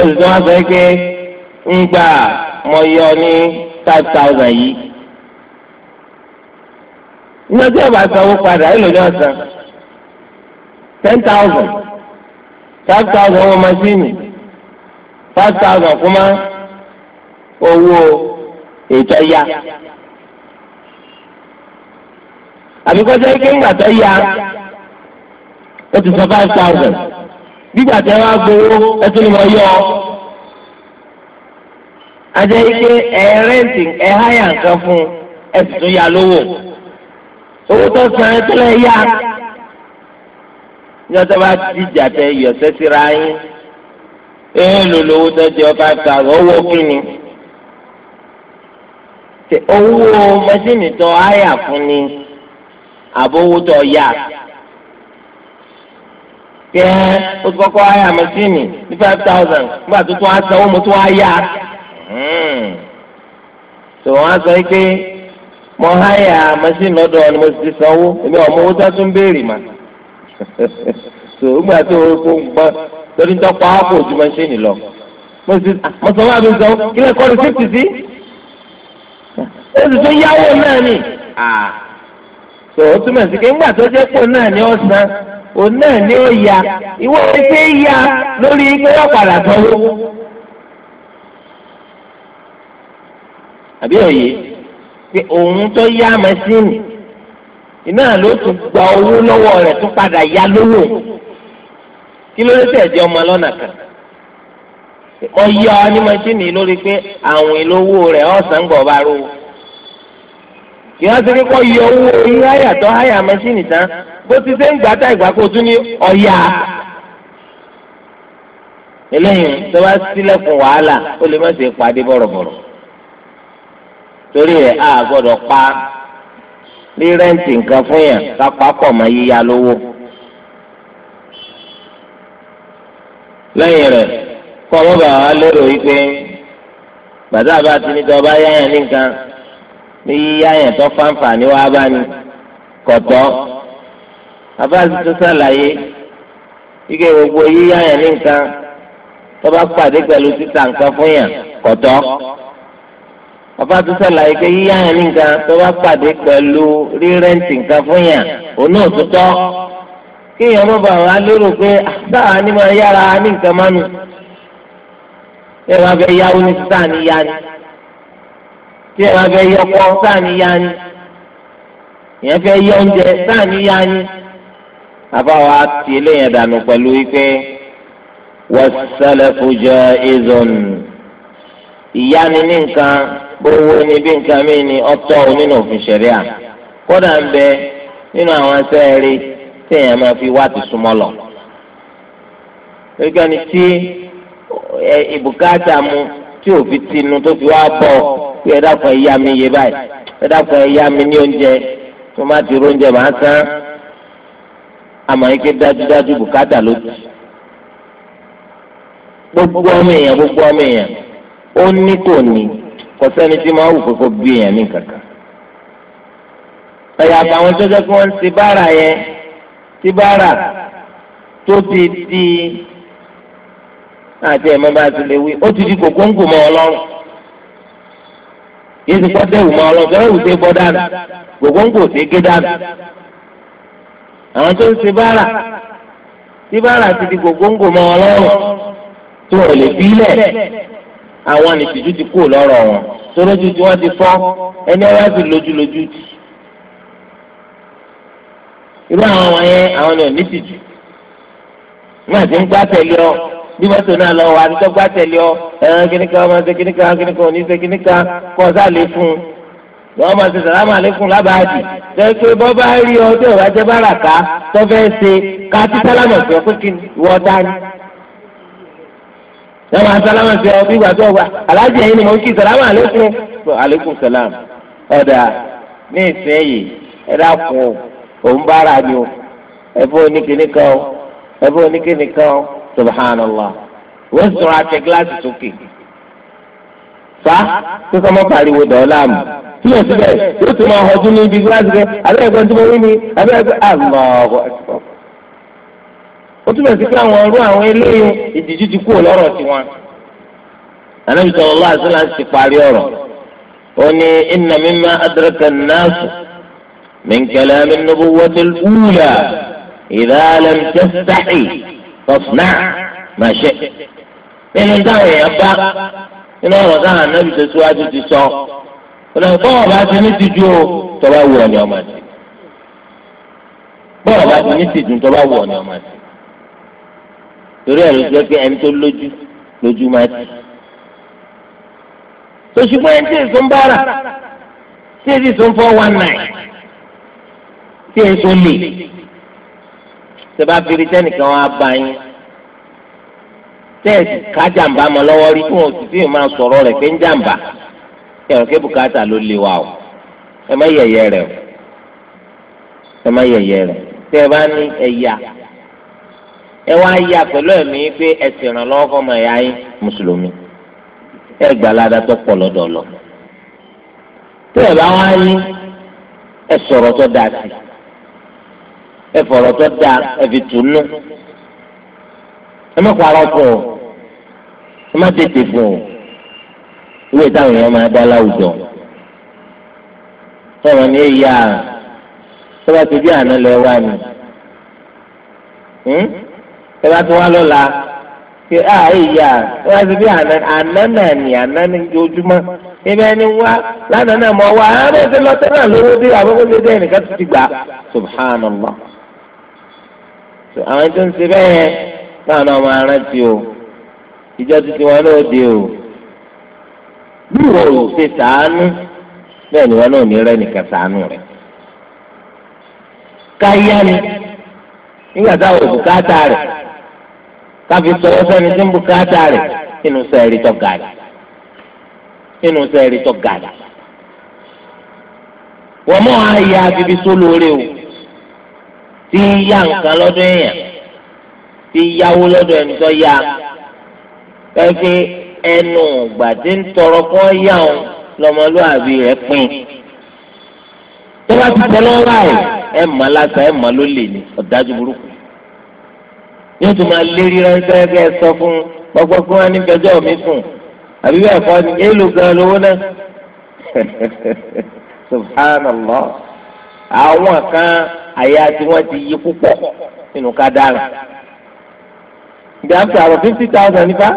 oṣù tó wá sọ pé ń gbà mọ iye ọ five thousand yìí. ní ọjọ́ ìbá sanwó padà èlò ní ọ̀sán ten thousand five thousand owó machine five thousand kuma owó ètò ya àbíkọ́jọ́ ike ńgbà tó ya ó ti sọ five thousand gbígbà tó wá gbowó ẹ tún ní mo yọ ọ ajẹ́ ike ẹ rẹ́ǹtì ẹ háyà nǹkan fún ẹ sì tún ya lówó owó tó san ẹ tó lẹ́ yá ní ọjọ́ bá dìjà tẹ yọ̀sẹ́ síra yín èèyàn lò lówó tó jẹ ọba ta owó kíni owó mẹsìnì tó àyà fún ni àbówó tó yà kẹ o kọ́kọ́ àyà mẹsìnì ní five thousand nígbà tó tún á sanwó mo tún á yà tó hmm. wọn á sọ pé mo àyà mẹsìnì lọ́dọ̀ ni mo ti sanwó èmi ọmọ owó tó tún béèrè mà tó nígbà tó o kó gbọ́ torí ń tọ́pọ̀ ápò ojú máa ń ṣe nìlọ. mo sọ wá mi sọ kí lè kọ́ ní fífi sí. oṣù tó yáwó náà ni. tó o túmọ̀ sí pé ńgbà tó jẹ́ pé náà ni ó san òun náà ni ó ya ìwọ ti ṣe é ya lórí pé wọ́n padà sanwó. àbí òye pé òun tó yá mẹ́sìnì iná ló tún gba owó lọ́wọ́ rẹ̀ tó padà ya lówó. kí ló dé tẹ̀ jẹ́ ọmọ lọ́nà kan wọ́n yá ọ lórí pé àwọn ìlówó rẹ̀ ọ̀sán gbọ̀ kí wọ́n ti rí kọ́ yọ owó orí háyà tó háyà tán bó ti ṣe ń gbà tá ìgbà kó tún ní ọ̀yà eléyìí tó bá sílẹ̀kùn wàhálà ó lè má ṣe pàdé bọ̀rọ̀bọ̀rọ̀ torí lẹ́yìn rẹ̀ kọ́ ọmọ bàbá lérò wípé bàtà bá ti ní tọ́ba yáyàn ní nǹkan ní yíyáyàn tó fáńfà ní wàá bá ní kọ̀tọ́ bàbá ti tó sàlàyé ike gbogbo yíyáyàn ní nǹkan tọ́ba pàdé pẹ̀lú títà nǹkan fún yàn kọ̀tọ́ bàbá tó sàlàyé pé yíyáyàn ní nǹkan tọ́ba pàdé pẹ̀lú rírẹ́ǹtì nǹkan fún yàn òun náà tó tọ́ kéèyàn má bàa wá lérò pé sáà ah, ni máa yára ní nǹkan mánu tí ẹ bá fẹ́ yáwó ní sáà ni yá ni tí ẹ bá fẹ́ yọ ọkọ sáà ni yá ni ìyẹn fẹ́ yọ oúnjẹ sáà ni yá ni bàbá wa ti eléyàn dànù pẹ̀lú wípé wàsálẹ̀fù jẹ́ ìzọ̀n ìyá ni ní nǹkan gbowó ni bí nǹkan mí ni ọ̀tọ̀ nínú òfin ṣẹ̀ríà kódà ń bẹ nínú àwọn sẹ́ẹ̀rì téèyàn máa fi wá ti súnmọ́ lọ. gbẹ́gbẹ́ ni tí ìbùkátà mu tí òfin tinú tó fi wá bọ̀ pé ẹ dákun ẹ̀yà mi yé báyìí ẹ dákun ẹ̀yà mi ní oúnjẹ tó má ti róúnjẹ máa sán àmọ́ ike dájúdájú bùkátà ló ti. gbogbo ọmọ èèyàn gbogbo ọmọ èèyàn ó ní kò ní kò sẹ́ni tí máa wù kókó bí èèyàn ní kankan. ẹ̀yà àbàwọn tó jẹ́ pé wọ́n ń ṣe bára yẹn tí bára tó ti di àti ẹ̀mọ́ bá ti lè wí ó ti di kòkóńkò mọ́ ọlọ́run yìí ti kọ́ dẹ́wù mọ́ ọlọ́run fẹ́ẹ́ wù sí bọ́ dànù kòkóńkò sí gé dànù àwọn tó ń ṣe bára tí bára ti di kòkóńkò mọ́ ọlọ́run tó ò lè bílẹ̀ àwọn ànìtìjú ti kú lọ́rọ̀ wọn tó lójú tí wọ́n ti fọ́ ẹni ọ̀rẹ́ ti lójú lójú tì irú àwọn wọ̀nyẹn àwọn ni ò ní tìjú nígbà tí ń gbá tẹ̀lé ọ bí mọ́tò náà lọ wà àtijọ́ gbá tẹ̀lé ọ ẹ̀rọ kìnìkà ọmọ ṣe kìnìkà kìnìkà òní ṣe kìnìkà kọ́ ọ̀sá lè fún un wọ́n máa ṣe sàlámà lẹ́kùn lábàájì tẹ́ pé bọ́ bá rí ọ tí òwá jẹ́ báràká tó fẹ́ ṣe ká tí sálámà sí ọ pé kí wọ́n dání. wọ́n máa sálámà sí ọ bí ìgbà tó wà aláàjì ẹ̀yìn ni mo kí sàlámà lẹ́kùn alẹ́kùn sàlám ọ̀dà ní ìsìn yìí ẹ dákun òun bára ni o ẹ̀fọ́ oníkìní kan o oníkìní kan o subhanallah wọ́n sọ̀rọ̀ àti gíláàsì sókè fa kí mọ́ pariwo dọ̀ọ́láàmù tí yóò síbẹ̀ yóò tún máa họjú ní ibi gíláàsì rẹ̀ abẹ́ ẹ̀gbọ́n tí mo rí ni abẹ́ ẹ̀gbọ́n àlọ́ọ̀bọ̀ ó túbọ̀ sí pé àwọn àwọn eléyìí ìdíjú ti lọ́rọ̀ tiwọn. parí ọ̀rọ̀ ó ní من كلام النبوة الأولى إذا لم تستحي فاصنع ما شئت nínú táwọn èèyàn bá nínú ọ̀rọ̀ táwọn anábì tó síwájú ti sọ ọ̀nà bọ́ọ̀ bá ti ní tìjú o tọ́ba wù ọ̀nì ọmọ àti bọ́ọ̀ bá ti ní tìjú tọ́ba wù ọ̀nì ọmọ àti torí ẹ̀ ló jẹ́ pé ẹni tó lójú lójú máa ti tó ṣùgbọ́n ẹni tí èso ń bára tí èso ń fọ́ one nine tí n kò lè sọba fìrí sẹ́nìkan wọn á bá yín tẹ́ẹ̀sì kájàmbá mọ́ lọ́wọ́ rí tí wọn ò sì fi máa sọ̀rọ̀ rẹ̀ pé ń jàmbá ẹ̀rọ kí bùkátà ló lè wa o ẹ má yẹ̀yẹ́ rẹ̀ o ẹ má yẹ̀yẹ́ rẹ̀ tẹ́ ẹ bá ní ẹ̀yà ẹ wá yà pẹ̀lú ẹ̀mí pé ẹ sì ràn lọ́wọ́ fọmọ ẹ̀yà yín mùsùlùmí ẹ gbà ládàá tó pọ̀ lọ́dọ̀ lọ ẹ bá wá yín ẹ sọ̀rọ̀ tó dáa sí i. ẹ fọ̀rọ̀ tó dáa ẹ fi tù nù ẹ má parọ́ fún tètè fún o ìwé táwọn èèyàn máa dá láwùjọ èyí à bá ti bí àná lẹ wá ni hmm? tó bá ti wá lọ́la ṣe èyí à bá ti bí àná àná náà ni àná ní ojoojúmọ́ ibẹ̀ ni wá lánàá náà wá ti lọ lówó àwọn tó ń ṣe bẹ́ẹ̀ yẹn táwọn náà máa rántí o ìjọ títí wọn náà dé o bí wọn ò ṣe sàánú bẹ́ẹ̀ ni wọn náà ní rẹ́ nìkan sàánú rẹ̀ káyá ni nígbà táwọn òbúkátà rẹ̀ káfi sọ sẹ́ni tí ń bùkátà rẹ̀ nínú sẹ́ẹ̀rì tó gàdà nínú sẹ́ẹ̀rì tó gàdà wọ́n mọ̀ ayé abibi sólóore o tí yá nǹkan lọ́dọ̀ èèyàn tí yáwó lọ́dọ̀ ẹni tó yá pẹ́ẹ́fẹ́ ẹnu gbàdé ń tọrọ kọ́ yá òun lọ́mọlúwàbí rẹ̀ pín tó bá ti tẹ́lọ́ ráì ẹ̀ mọ̀ lásán ẹ̀ mọ̀ ló lè ní ọ̀dájú burúkú yóò tún máa lérí ránṣẹ́ kẹ́ ẹ sọ fún gbogbo fún wa níbẹ̀jọ́ mi sùn àbí bẹ́ẹ̀ kọ́ ni èèlò gan lówó náà subhanallah àwọn kan àyà tí wọ́n ti yí púpọ̀ nínú ká dára. ìgbà ń sọ̀rọ̀ fifty thousand nípa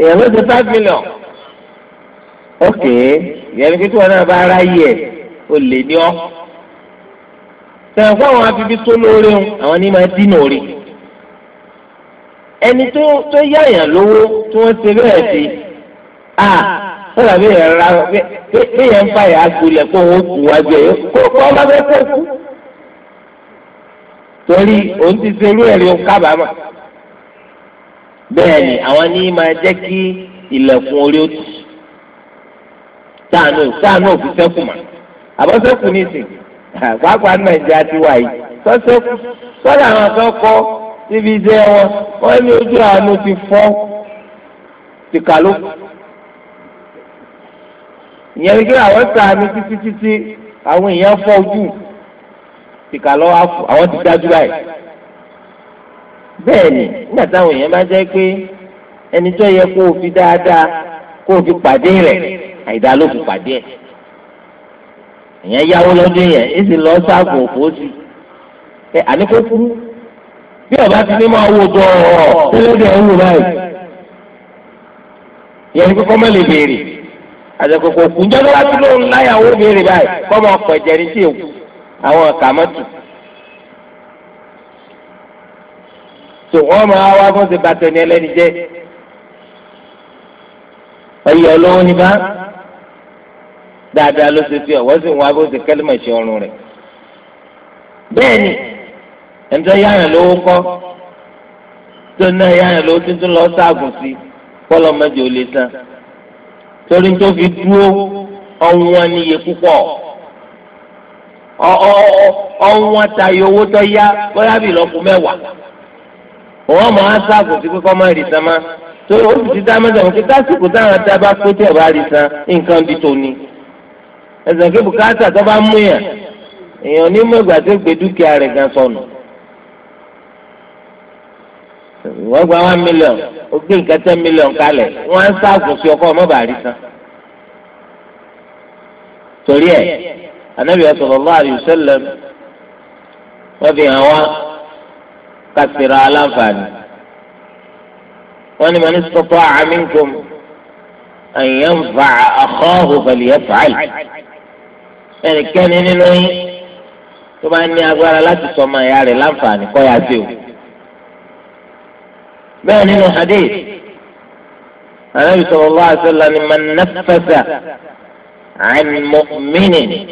èèyàn ló ṣe five million. ok ìyẹn ní kíkọ́ náà bá ara yẹ o lè ní ọ́. sẹ̀wọ̀n fún àwọn abibi tó lóore ń àwọn ní máa dín òre. ẹni tó tó yáyàn lówó tí wọ́n ṣe bẹ́ẹ̀ sí a sọ̀rọ̀ bí èèyàn ra bí èèyàn ń fa ìyá gbolẹ̀ kó wọ́n kú wájú ẹ̀ kó kọ́ ọ bá fẹ́ kó kú torí òun ti ṣe irú ẹ̀rí kábàámà bẹ́ẹ̀ ni àwọn ní máa jẹ́ kí ilẹ̀kùn orí ó tì sáànù sáànù òfin sẹ́kù mà àbọ̀sẹ́kù ní ìsìn pàápàá nàìjíríà ti wà yìí sọ́sẹ́kù sọ́dọ̀ àwọn kan kọ́ síbi iṣẹ́ wọn wọ́n ní ojú àánú ti fọ́ ti kà ló. ìyẹn ni kí àwọn sàánù títí títí àwọn èèyàn fọ́ ojú ìka lọ́wọ́ àfò àwọn ti dájú báyìí. bẹ́ẹ̀ ni nígbà táwọn èèyàn bá jẹ́ pé ẹni tó yẹ kó o fi dáadáa kó o fi pàdé rẹ̀ àìdá ló fi pàdé ẹ̀. èèyàn yáwó lọ́dún yẹn ń sì lọ sáàbù òfò sí i. ẹ àní kó kú bí ọba ti ní máa wò dọ̀ ọ́ tẹ́lẹ̀dẹ̀ ń wò báyìí. ìyẹn ni kókó má lè béèrè àtẹ̀kọ̀kọ̀ kùnjọ́ lọ́wọ́ tó lóun láyàwó béèrè báyìí kọ́ máa pọ̀ ẹ̀jẹ̀ ní tí èkó àwọn kàmọ́tù. tó wọ́n máa wá fún ṣe bàtẹ́ ní ẹlẹ́ni jẹ́ ọyẹ olówó ní bá dáadáa ló ṣe fi ọ̀wọ́ sì ń wá bó ṣe kẹ́lẹ́mọ̀ ṣe ọrùn rẹ̀. bẹ́ẹ̀ni ẹ̀ńtọ́ yára lówó kọ́ tó ná yára lówó tuntun lọ sáàgùn sí kọ́lọ́ mẹ́jọ lè tán torí tó fi dúró ọ̀hún wọn níye púpọ̀ ọ̀wọ́n tayọ owó tó yá bóyá bí lọ́kù mẹ́wàá òun mọ̀ á sáàbò sí kíkọ́ máa rí san má tó o sì ti dá mẹ́ta wọn kí tásìkò táwọn ata bá pé tí ẹ̀ bá rí san nǹkan bí tòní ẹ̀sìn kí bùkátà tó bá mú yàn èèyàn ní mọ̀ ìgbà tó gbé dúkìá rẹ̀ gan sọnù wọ́n gba one million ó gbé nǹkan ten million kalẹ̀ wọ́n á sáàbò sí ọkọ̀ ọmọ bàrí san torí ẹ̀. النبي صلى الله عليه وسلم وفي هواء كثر آلافا وإن من استطاع منكم أن ينفع أخاه فليفعل يعني كان ينوي ثم أني أقول لا تسمى يعني لنفع قوي أسيو بين إنه حديث النبي صلى الله عليه وسلم من نفس عن مؤمن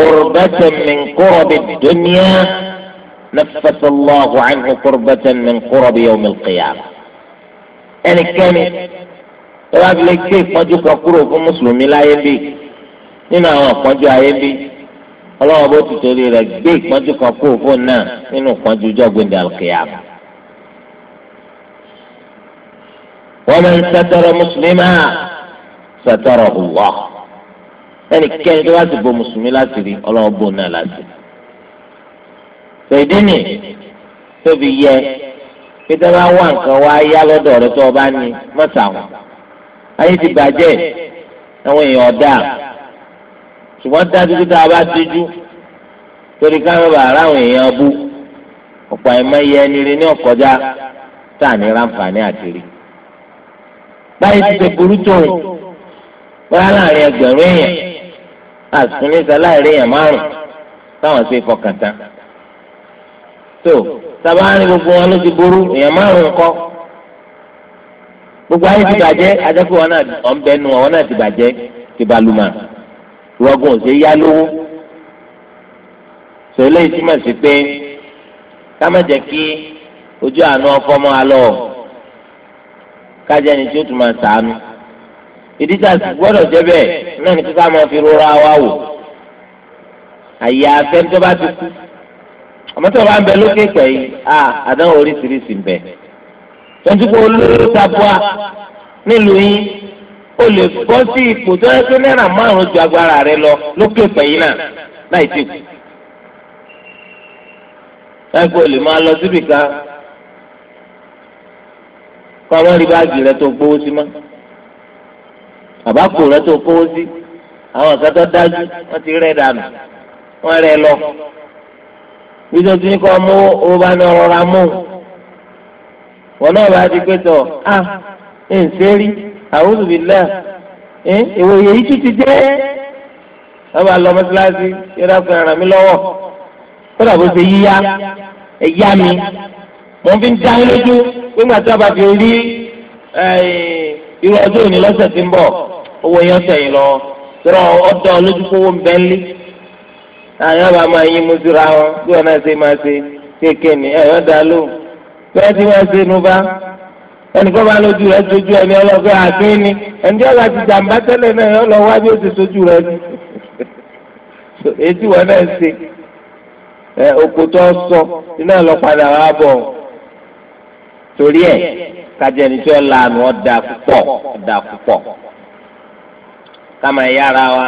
قربة من قرب الدنيا نفث الله عنه قربة من قرب يوم القيامة أنا يعني كامي رب لك كيف فجوك قروف مسلم لا يبي هنا هو فجو يبي الله أبو تتولي لك بيك فجوك قروف هنا إنه فجو جاب عند القيامة ومن ستر مسلما ستره الله ẹnikẹ́ni tó bá sì bo mùsùlùmí láti rí ọlọ́run bò náà láti. tòìdí nì tóbi yẹ pé tó bá wà nǹkan wá yá lọ́dọ̀ rẹ tó o bá ní mọ́tà wọn. ayé ti bàjẹ́ àwọn èèyàn ọ̀dà ṣùgbọ́n dájú pé tá a bá tijú torí káwọn bàa ráwọn èèyàn bú ọ̀pọ̀ àìmọye ẹni rí ní ọ̀kọ́já tá à ní ráǹfààní àkiri. báyìí ti ṣe burú tó wọn láàrin ẹgbẹ̀rún èèyàn àtúnlẹsẹ láìrí èèyàn márùn táwọn ṣe fọkàn tán tó sábàárín gbogbo wọn ló ti burú èèyàn márùn kọ gbogbo ayé ti bàjẹ́ adẹ́kùn wọn náà ọ̀nbẹ́nu wọn náà ti bàjẹ́ ti balùmọ̀ ìwọ́gun ò ṣe yá lówó sọlẹ́ ìtumọ̀ sí pé ká má jẹ́ kí ojú àánú ọfọ́ mọ́ alọ́ kájẹ́ni tí ó tún máa sàánú ìdíjà gbọ́dọ̀ jẹ́ bẹ́ẹ̀ náà ní kíkà máa fi rora wa wò àyà afẹ́ tó bá ti kú àmọ́ tó bá ń bẹ lókè pẹ̀ yìí à àdáhùn oríṣiríṣi ń bẹ tọ́júkọ́ olóró tabua nílùú yín o lè bọ́ sí ipò tó yẹ kí náírà márùn-ún ju agbára rẹ lọ lókè pẹ̀ yìí náà láì tí kù láìpẹ́ o máa lọ síbìkan kọ́ ọmọ rí báàgì rẹ tó gbówó sí mọ́ àbápò rẹ tó kówó sí àwọn kan tó dájú wọ́n ti rẹ̀ dànù wọ́n rẹ̀ lọ bísí o ti ní kọ́ mú owó bá ní ọ̀rọ̀ ra mú wọn náà bá ti pé tọ̀ a ah, ẹ̀ ń ṣe rí àwùjọ bíi lẹ́ẹ̀ ẹ̀ ìwòye yìí tún ti dé wọ́n bá lọ mọ́sálásí yọ̀dá fún ẹ̀ràn mi lọ́wọ́ kódà bó ṣe yíyá ẹ̀yá mi mo fi ń dáhùn lójú nígbà tí wọ́n bá fi rí irú ọdún òní lọ́sẹ̀ tí ń bọ̀ owó yẹn sẹ́yìn lọ tọrọ ọdọ lójúkówó ń bẹ́ńlí àwọn bá máa yín mú síra wọn bí wọn náà ṣe máa ṣe kéèké ni ẹ yọ dá lóhùn bí wọn ti máa ṣe nu bá ẹnìkan bá lójú rẹ sojú ẹni ọlọ́gbẹ́ àdín ni ẹni tí ọba ti jàǹbá tẹ́lẹ̀ náà yọ lọ wá bí ó ti sojú rẹ sí etí wọn náà ṣe ẹ òkòtò ọsọ iná lọ padà wá torí ẹ kájẹni tí ọ lànà ọdà púpọ̀ ọdà púpọ̀ kama yára wa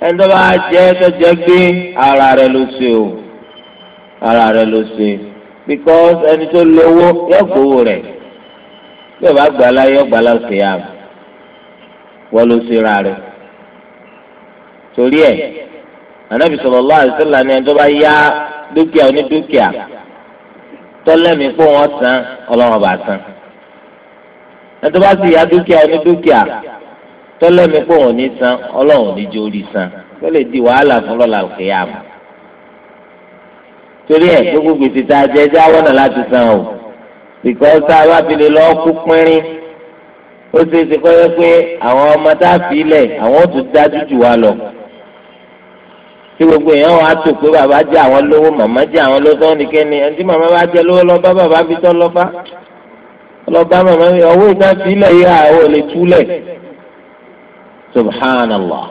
ẹni tó bá jẹ tó jẹ gbé ara rẹ ló ṣe o ara rẹ ló ṣe because ẹni tó lówó yọ gbowó rẹ bí o bá gbà lá yọ gbà lá ṣe yá wọ́n ló ṣe ra rẹ torí ẹ anabi sallallahu alaihi wasallam ni ẹni tó bá yá dúkìá onídúkìá tọ́lẹ́mì kó wọ́n san ọlọ́run bá san ẹni tó bá sì yá dúkìá onídúkìá tọ́lẹ́mi pé òun ní san ọlọ́run ní jó rí san tó lè di wàhálà fún lọ́la òkèèyàmù torí ẹ̀ gbogbo gbèsè tá a jẹ ẹjẹ́ àwọn náà láti san o bìkọ́ tá a bá fi lè lọ́ọ́ kú pínrín ó ṣe é ṣe kọ́ yẹ pé àwọn ọmọ tá a fi lẹ̀ àwọn ó tún dájú jù wá lọ tí gbogbo èèyàn wàá tò pé bàbá jẹ àwọn lówó màmá jẹ àwọn lówó tó ẹni tí màmá bá jẹ lówó lọ bàbá fi tọ́ lọ bá màmá mi ọwọ́ ìtàn subhanallah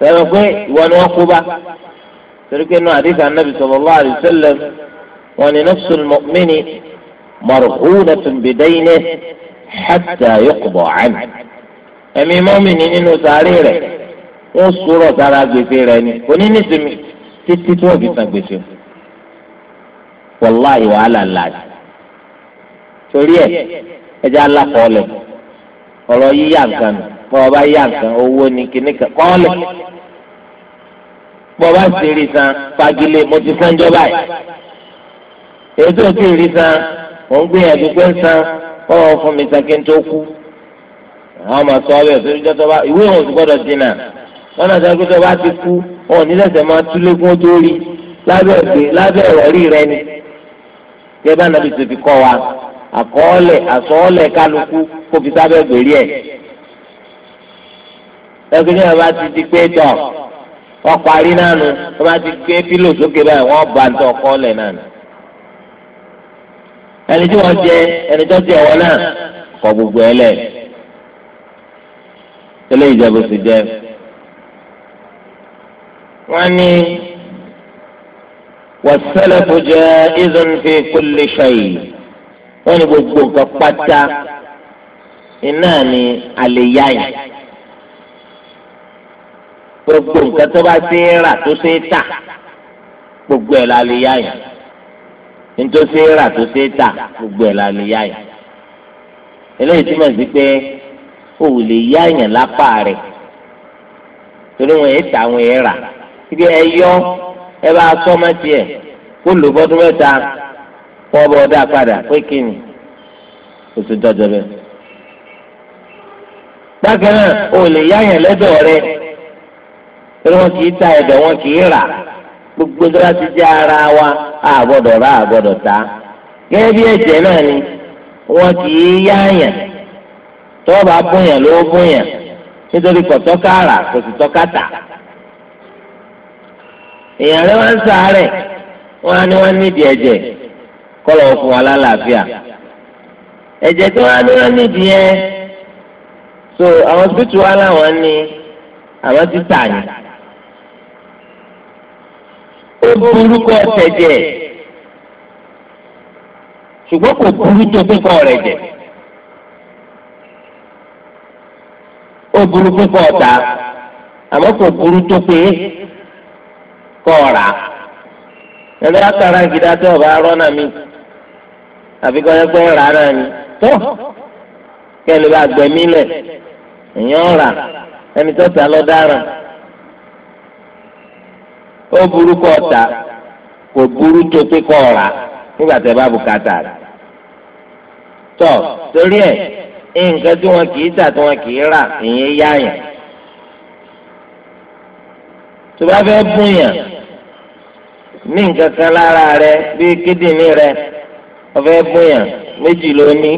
sẹ́wọ́n pé ìwọ ni wọ́n kú bá torí pé inú àdìsí anábì sallallahu alayhi wa sallam wọn ni nafsul mu'mini marhunatun bidaynihi hatta yuqda anhu ẹ̀mí mọ́mìnì nínú sàárè rẹ̀ wọ́n sọ̀rọ̀ sára gbèsè rẹ̀ ni onínísìmí títí tí wọ́n fi san gbèsè wàláyé wàhálà láàyè torí ẹ̀ ẹ̀jẹ̀ alákọ̀ọ́lẹ̀ ọ̀rọ̀ yíyá nǹkan nù bọ́ ọba yá nǹkan owó ní kíní kan kọ́ọ̀lẹ̀ bọ́ ọba sì rí san fagilé mo ti san jọba yìí ètò òkè rí san mo ń gbìyànjú pé ń san kọ́ọ̀ fún mi san kí n tó kú àwọn ọmọ sọ ọbẹ̀ tó jẹ́ tọ́ba ìwé òun ti gbọ́dọ̀ dínà lọ́nà tó gbé tọ́ba ti kú wọn ò ní lẹ́sẹ̀ máa túlékún tó rí lábẹ́ ẹ̀gbẹ́ lábẹ́ ẹ̀rí rẹ ni gẹ́gẹ́ bá nàbì tó fi kọ́ wa àkọọ́lẹ̀ àsọọ́lẹ̀ kálukú kó fi sábẹ́ gbèrí ẹ̀ ẹgbẹ́ yẹn bá ti di pé tọ̀ wọ́n parí náà nu wọ́n bá ti gbé pílò sókè báyìí wọ́n bá ń tọ̀ kọ́ lẹ̀ náà nù. ẹni tí wọ́n jẹ ẹni tó ti ọ̀wọ́ náà kọ gbogbo ẹ lẹ̀ tẹ́lẹ̀ ìjẹ́bù sì jẹ́. wọ́n ní wàsálẹ̀fù jẹ́ ìzọ́nfẹ́ kólé ṣayì wọ́n ní gbogbo nǹkan pátá iná ni àlè yáyà gbogbo nǹkan tó bá ṣe é rà tó ṣe é tà gbogbo ẹ̀ la lè yá yẹn nítorí ṣe é rà tó ṣe é tà gbogbo ẹ̀ la lè yá yẹn eléyìí túmọ̀ sí pé o ò lè yá yẹn lápá rẹ̀ torí wọn yẹn tà wọn yẹn rà ibi ẹ yọ ẹ bá sọ ọmọ kó lò bọ́dún mẹ́ta kó ọba ọdá padà pé kí ni o ti dọjọ bẹ́ẹ̀. bákan náà o ò lè yá yẹn lẹ́dọ̀ rẹ̀ torí wọn kì í ta ẹ̀dọ̀ wọn kì í rà gbogbo tó bá ti jẹ́ ara wa àgbọ̀dọ̀ rà àgbọ̀dọ̀ ta gẹ́gẹ́ bí ẹ̀jẹ̀ náà ni wọn kì í yáàyàn tọ́ọ̀bà bóyàn ló bóyàn nítorí kò tọ́ka rà kò sì tọ́ka tà èèyàn rẹ wá ń sàárẹ̀ wọn á ní wọn nídìí ẹ̀jẹ̀ kọ́lọ̀ fún wa lálàáfíà ẹ̀jẹ̀ tí wọn ní wọn nídìí yẹn so àwọn hospital wa làwọn ní àwọn ti tà yẹn. ó burú kọ́ ọ̀tẹ̀ jẹ ṣùgbọ́n kò burú tó pípọ̀ rẹ̀ jẹ ó burú pípọ̀ ọ̀tá àmọ́ kò burú tó pé kọ́ ọ̀rá ẹ̀rọ akara gidi atẹ́ ọ̀bá rọ́nà mi àfi kọ́ ẹ pé náà ni tó kẹ́ni bá gbẹ̀mí lẹ̀ ẹni tó ta ó burú kọ́ ọ̀tá kò burú tó pé kọ́ ọ̀rà nígbà tẹ́ bá bùkátà rẹ̀. tọ́ torí ẹ̀ nǹkan tí wọn kì í tà tí wọn kì í rà èyí yáyàn. tó bá fẹ́ bùnyàn ní nǹkan kan lára rẹ bíi kídìní rẹ ọ̀fẹ́ bùnyàn méjì ló ní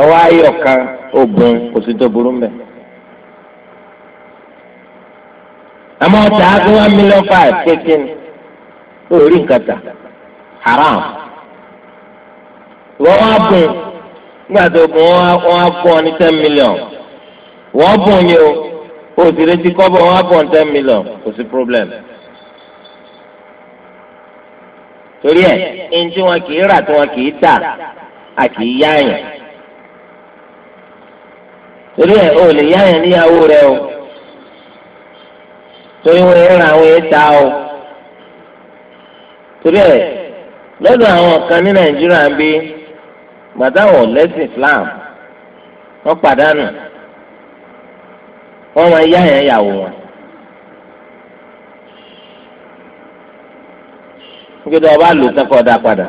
ọwọ́ ayọ̀ kan ògùn kò sí tó burú mbẹ́. àmọ́ ọ̀tá àgbẹ̀ one million five kékin lórí nǹkan tà haram wọ́n wá bùn nígbà tó bùn wọ́n á bùn ọ ní ten million wọ́n bùn yín o o sì retí kọ́bọ̀ wọ́n á bùn ten million kò sí problem torí ẹ̀ ẹni tí wọn kì í rà tí wọn kì í tà a kì í yáyàn torí ẹ̀ o lè yáyàn níyàwó rẹ o. torí wọn yẹn ra àwọn yẹn ta o torí ẹ lọ́dọ̀ àwọn kan ní nàìjíríà ń bí gbàdáwọ̀ lẹ́sìn islam wọ́n pàdánù wọ́n máa yá yẹn yàwó wọn. nígbàdàn ọba lò tán kọ́ dá padà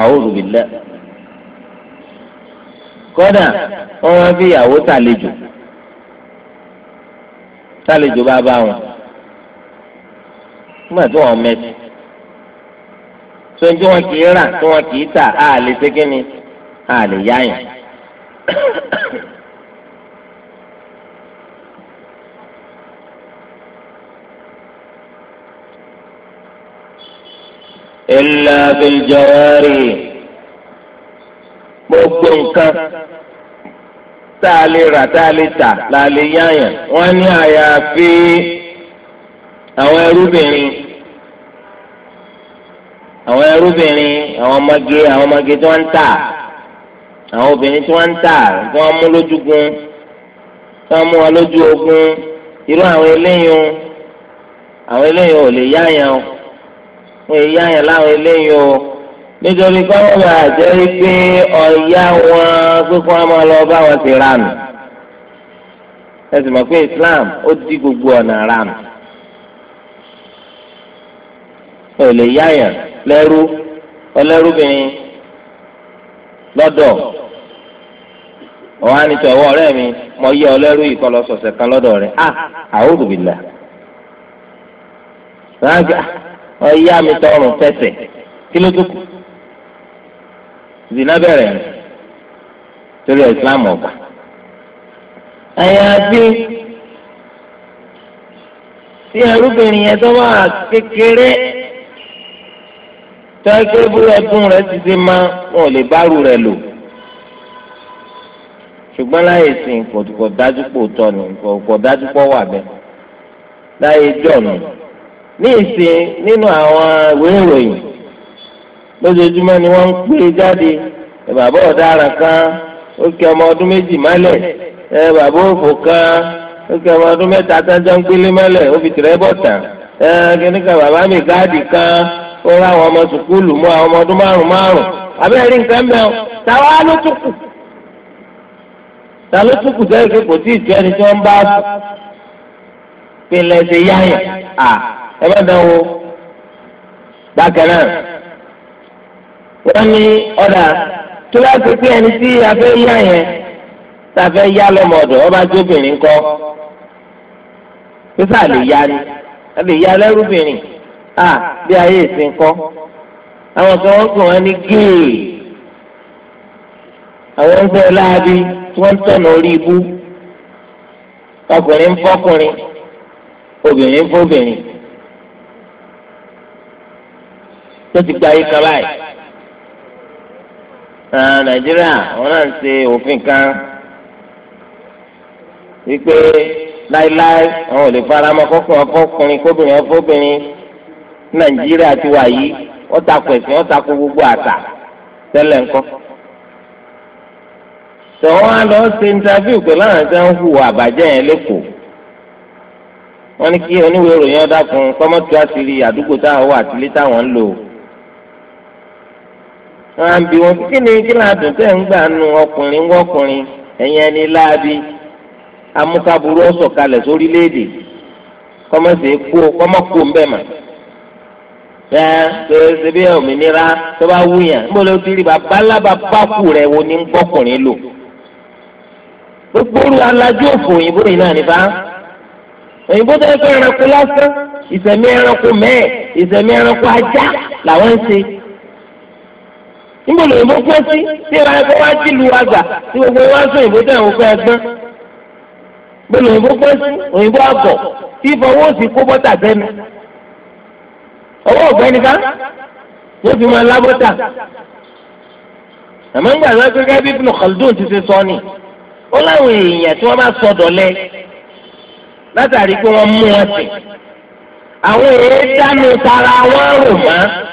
àwọn olùbílẹ̀ máa ìyàwó sálejò bá bá wọn nígbà tí wọn mẹsì sọ́njú wọn kì í rà tí wọn kì í tà á lè ṣe kíni á lè yáyàn. إلا بالجواري gbogbo nǹkan tá a lè rà tá a lè tà là a lè yáyàn wọ́n ní àyàfi àwọn ẹrúbìnrin àwọn ẹrúbìnrin àwọn ọmọge àwọn ọmọge tí wọ́n ń tà àwọn obìnrin tí wọ́n ń tà tí wọ́n mú lójúgun tí wọ́n mú wọn lójú ogun irú àwọn eléyìí àwọn eléyìí ò lè yáyàn o wọn yáyàn láwọn eléyìí o nítorí káwọn bá jẹ́ pé ọ̀yá wọn pé kí wọ́n máa lọ bá wọn ti ránù ẹ mọ̀ pé Islam ó di gbogbo ọ̀nà ránù ò lè yáyàn lẹ́rú ọlẹ́rúbìnrin lọ́dọ̀ ọ̀hún ànitọ̀ ọwọ́ ọ̀rẹ́ mi mọ yẹ ọlẹ́rú yìí kọ́ lọ sọ̀sẹ̀ kan lọ́dọ̀ rẹ̀ à ah, a'udhu billah ọ̀yá mi tọrùn fẹsẹ̀ kí ló tó kù zina bẹ̀rẹ̀ ni torí islam ọ̀gá àyàfi tí ẹrúbìnrin yẹn tó wà kékeré tọ́kẹ́ búrú ẹ̀gbọ́n rẹ̀ ti ti máa wọn ò lè bárù rẹ̀ lò ṣùgbọ́n láyé sìn kò dájú pò tọ́ ni kò dájú pò wà bẹ́ẹ̀ láyé jọ̀nù ní ìsìn nínú àwọn ìwé ìròyìn lójoojúmọ́ ni wọ́n ń pè jáde bàbá ọ̀daràn kan ó kí ọmọ ọdún méjì mọ́lẹ̀ bàbá òfò kan ó kí ọmọ ọdún mẹ́ta tájọ́ ń gbélé mọ́lẹ̀ ó fi tìrẹ́ bọ̀ tán kíníkà bàbá mi gáàdì kan ó rá àwọn ọmọ sùkúlù mọ́ àwọn ọmọ ọdún márùn márùn abẹ́rẹ́ nǹkan mẹ́wọ́n táwa ló tún kù ta ló tún kù sẹ́yìn pé kò tí ì tó ẹni tí wọ́n bá pinlẹ̀ ṣe yáyà à ẹ wọ́n ní ọ̀dà kíláàsì pé ẹni tí a fẹ́ yá yẹn tá fẹ́ yá lọ́mọ ọ̀dọ̀ ọba tí obìnrin kọ́ pípa lè yá ni a lè yá lẹ́rúbìnrin a bí ayé ìsìn kọ́ àwọn kan wọ́n kàn wọ́n ní géè àwọn ń fẹ́ láabi tí wọ́n ń tọ̀nà orí ibú ọkùnrin ń fọkùnrin obìnrin ń fọbìnrin tó ti gba ayé kan báyìí. nàìjíríà wọn náà ń ṣe òfin kan wípé láíláí àwọn ò lè fara mọ́ kọkùnrin ọkọkùnrin kóbìnrin ọfọbìnrin nàìjíríà ti wà yìí ó takò ẹ̀sìn ó takò gbogbo àṣà tẹ́lẹ̀ ńkọ́ tọ́wọ́n á lọ ṣe interview pẹ̀lú àwọn ẹ̀sẹ̀ ń hùwà àbàjẹ́ yẹn lẹ́kọ̀ọ́ wọ́n ní kí oníwèé ìròyìn ọ̀dà fún kọ́mọ́tò àṣírí àdúgbò táwọn wà àtìlé táwọn ń lò ó wọn à wọn kí ni kí ládùn tẹ̀ ń gbà nu ọkùnrin wọkùnrin ẹ̀yìn ẹni láabi amúkaburú ọ̀sọ̀kalẹ̀ sórílẹ̀-èdè kọ́mọ̀sì kú kọ́mọ̀kú ń bẹ̀ mà ẹ ṣe bí òmìnira tó bá wúyàn ń bọ̀ ló ti rí bàbá alábàbákù rẹ̀ wo ni ń gbọ́kùnrin lò gbogbo olú alájú òfò òyìnbó yìí náà nípa òyìnbó tó yẹ kó ẹranko lásán ìsẹ̀mí ẹranko mẹ́ẹ̀ ìsẹ̀mí ẹranko ajá làwọn ń ṣe níbo lòyìnbó kó sí tí ìlànà ẹ̀kọ́ wá sí lu àgbà tí gbogbo ẹ̀ wá sọ òyìnbó tẹ̀ ń fẹ́ gbọ́n níbo lòyìnbó kó sí òyìnbó àgọ̀ tí ìfọwọ́ sí kó bọ́tà sẹ́nu ọwọ́ ọ̀gbẹ́ni ká ló fi máa lábọ́tà àmọ́ ń gbàgbọ́ gẹ́gẹ́ bí Ibn Khaldun ti ṣe sọ ni ó láwọn èèyàn tí wọ́n bá sọ dọ̀lẹ́ látàrí pé wọ́n mú wọn sí àwọn èèyàn dánú tara wọn rò máa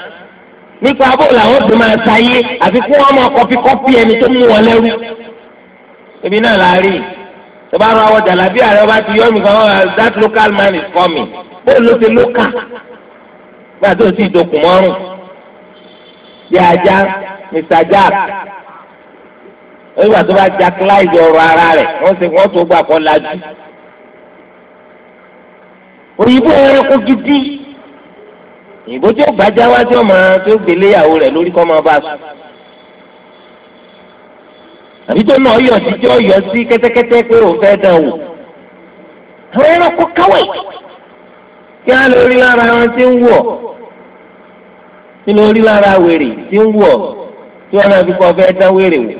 nípa abó làwọn tó máa sáyé àfi kí wọ́n máa kọ́pí kọ́pí ẹni tó mú wọn lẹ́rú ebi náà la rí tọba ara wọ jàlábí ààrẹ ọba ti yọ mí kan ọ that local man is coming bó ló ti lókà gbàdúrà sí ìdòkùn mọ́rùn bí ajá Mr. Jack onígbà tó bá jacklaize ọ̀rọ̀ ara rẹ̀ wọ́n ṣe wọ́n tó gbà kọ́ lajú. òyìnbó ẹranko gidi ìbò tí ó bàjá wá tí ó máa tí ó gbélé ìyàwó rẹ̀ lórí kọ́ máa bá sùn àbí tó náà yọ̀ sí tí ó yọ̀ sí kẹ́tẹ́kẹ́tẹ́ pé òun fẹ́ dán wò àwọn ẹranko káwé kí á lórí lára wọn tí ń wọ̀ kí lórí lára wèrè tí ń wọ̀ tí wọn náà fi kọ́ fẹ́ dán wèrè wò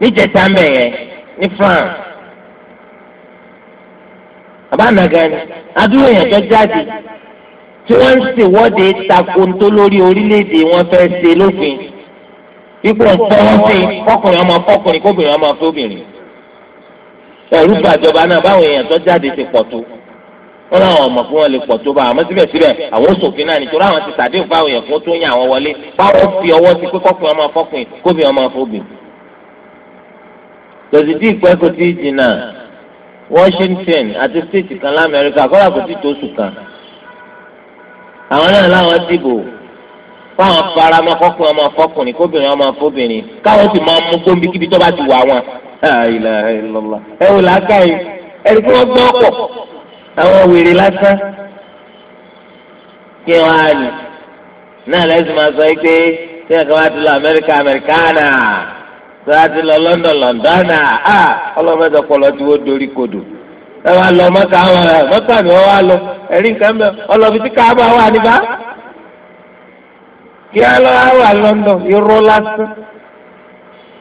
níjẹta mẹ́yẹn ní France àbá nàgàní adúlọ̀ yẹn jáde tí wọ́n ń ṣèwọ́de tako tó lórí orílẹ̀-èdè wọn fẹ́ ṣe lófin ipò nǹkan wọn fi kọkùnrin ọmọ kọkùnrin kóbìnrin ọmọ fóbìnrin ẹ̀rú gbàjọba náà báwọn èèyàn tó jáde ti pọ̀ tó wọn làwọn ọmọ fún wọn lè pọ̀ tó bá àmọ́ síbẹ̀síbẹ̀ àwọn òṣòfin náà nítorí àwọn ti sàdéhùn fáwọn èèyàn fún tó ń yàn àwọn wọlé báwọn fi ọwọ́ sí pé kọkùnrin ọmọ kọkùnrin kóbìnrin ọmọ fóbìnrin. tòsí tí ìpẹ́ kò tí ì jìnnà Washington àti state kan lamẹ́ríkà kọ́lá kò tí ì tó oṣù kan àwọn náà láwọn dìbò fáwọn faramọ kọkùnrin ọmọ kọkùnrin kóbìnrin ọmọ fóbìnrin káwọn sì máa mú gbóǹbí kíbi tó bá ti wà wọn. ẹ wò yìí ẹni tí wọ́n gbọ́ pọ̀ àwọn wèrè lásán kí wọ́n á nì náà lẹ́sìn máa sọ pé tí wọ́n kàn wá ti lọ Amẹ́ríkà Amẹ́ríkánà tí wọ́n á ti lọ London Londona ah! ọlọ́mọdé ọpọlọ tí wọ́n dorí kodò ẹ wá lọ mọ́kà wọn ẹ mọ́kà ni wọ́n wá lọ ẹ̀rí nǹkan mẹ́ ọlọ́bi tí káàbà wà níbà kí á lọ wà London irọ́ lásán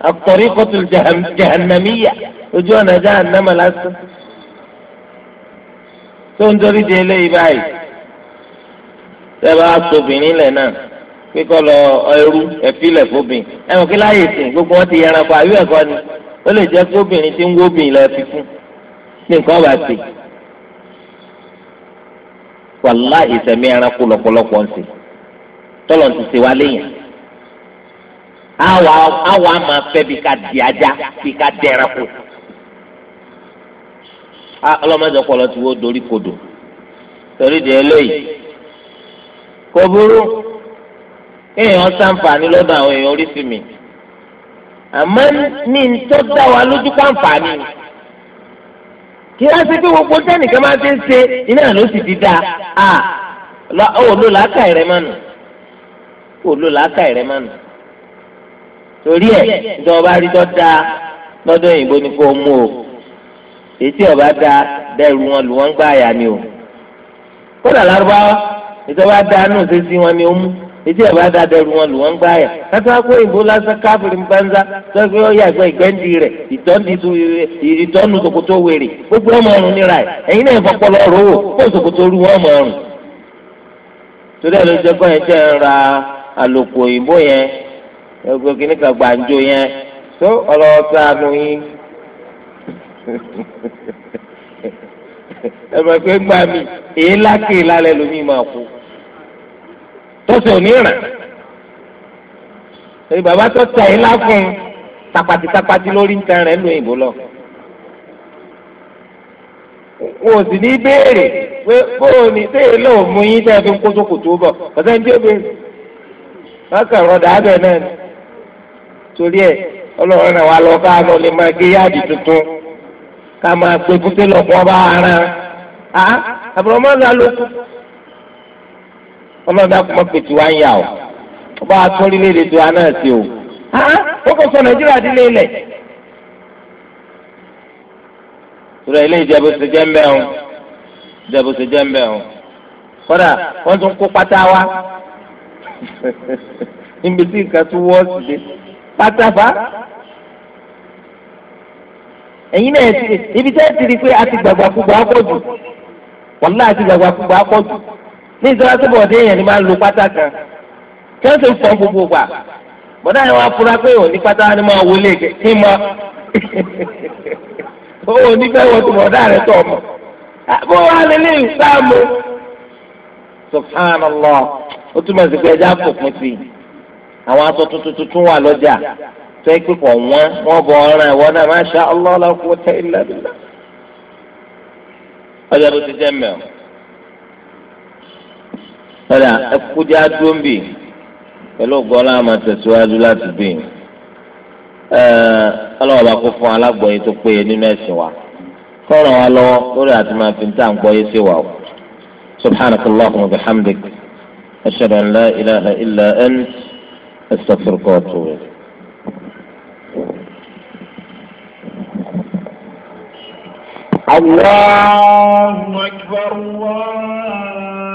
àkọ́rí kọ́tù jahannamiya ojú ọ̀nà jahannama lásán tó ń torí di eléyìí báyìí tẹ́lá tóbìnrin lẹ̀ náà kíkọ́ lọ ẹrú ẹ̀fílẹ̀ fóbìn ẹ̀wọ̀n kí láyè sìn gbogbo wọn ti yẹra pa àyù ẹ̀kọ́ ni ó lè jẹ́ kí obìnrin ti ń wóbìn lọ fi ní nǹkan bá ti wàlá ìsẹ̀mí ẹranko lọ́pọ̀lọpọ̀ ń sè tọ́lọ̀ ti ṣe wá léèyàn àwa máa fẹ́ bí ká di ajá bí ká dẹranko ọlọ́mọdé ọpọlọ ti wo dorí kodò torí di eléyìí kò burú kéèyàn ṣàǹfààní lọ́dọ̀ àwọn èèyàn orí sí mi àmọ́ ní ní tó dá wa lójú pàǹfààní kí á ṣe pé gbogbo tẹ́nìkan máa ti ń ṣe iná ló sì ti dáa à ó lò láàkà rẹ mánu ó lò láàkà rẹ mánu torí ẹ ní ọba rí tó dáa lọ́dọ̀ òyìnbó ni kò mú o ètí ọba dáa dẹ́rù wọn lù wọ́n gbá àyà ni o kódà lárúbáwá ìjọba dáa nù sí sí wọn ni ó mú etí ẹ̀ bá dáadáa ru wọn lù wọ́n gbá yà kátó wá kó ìbò lásán káfíìn banza sọ́kè ó yà gbẹ́ ìgbẹ́ndì rẹ̀ ìtọ́nu ṣòkòtò wèrè gbogbo ọmọ ọrùn nira ẹ̀ ẹ̀yin náà fọpọlọ ọ̀rọ̀ wò kó ṣòkòtò ru wọn ọmọ ọrùn. torí ẹ̀ ló ṣe kọ́ yẹn tẹ́ ń ra àlòkù òyìnbó yẹn ẹgbẹ́ kìíní kan gbàǹjo yẹn tó ọlọ́wọ́ sáànù yín ẹ̀ tó sì ò rìn bàbá tó tẹ̀ yín láfún tapatitapati lórí nǹkan rẹ̀ ló lọ. wò sì ní béèrè pé ní mú yín fi ni torí ẹ̀ ọlọ́run náà wà lọ ká lọ lè máa gé yáàdì tuntun ká máa pé lọ́kùn ọba ara àbúrò máa ń ọlọ́dà kò mọ̀ pé tí wàá ń yà o ọba àtúndì lè dètò àná sí o ó kò sọ nàìjíríà dín lélẹ̀. sọ̀rọ̀ ilé ìjẹ́bù ṣe jẹ́ mbẹ́ o ìjẹ́bù ṣe jẹ́ mbẹ́ o kódà wọ́n tún kó pátá wá níbi tí nǹkan tún wọ́ sí i pátá fa ẹ̀yin náà ibi tẹ́ ẹ ti rí pé a ti gbàgbà kúgbà á pọ̀ jù wàlúwà àti gbàgbà kúgbà á pọ̀ jù ní ìsọlá tó bọ̀ dé yẹn ni máa lu pátá kan kí wọ́n sì ń fọ́ gbogbo gbà bọ́dá yẹn wá fura pé òní pátá ni máa wọlé kí n mọ owó nífẹ̀ẹ́ wọ́n ti bọ̀dá rẹ̀ tọ̀ mọ́ ah, bó wà lélẹ̀ ìsáàmù subhanallah ó túmọ̀ sí pé ẹja fòpin sí i àwọn aṣọ tuntun tuntun wà lọ́jà tó ẹ pípọ̀ wọ́n wọ́n bọ̀ ọ̀ràn ẹ̀wọ́n náà masha Allah la quwwata illa billah ọjà ló ti jẹ́ mẹ́rin. ọ̀dà ẹ̀kújá tó ń bì pẹ̀lú ọgbọ́n máa tẹ̀síwájú láti bì ẹ ọlọ́wọ́ bá kó fún alágbọ̀nyé tó péye nínú ẹ̀sìn wa kọ́rọ̀ wa lọ lórí àti máa fi tá à ń gbọ́yé sí wa o subhanaka allahumma wa bihamdik ashhadu an la ilaha illa an astaghfiruka kootu. الله أكبر الله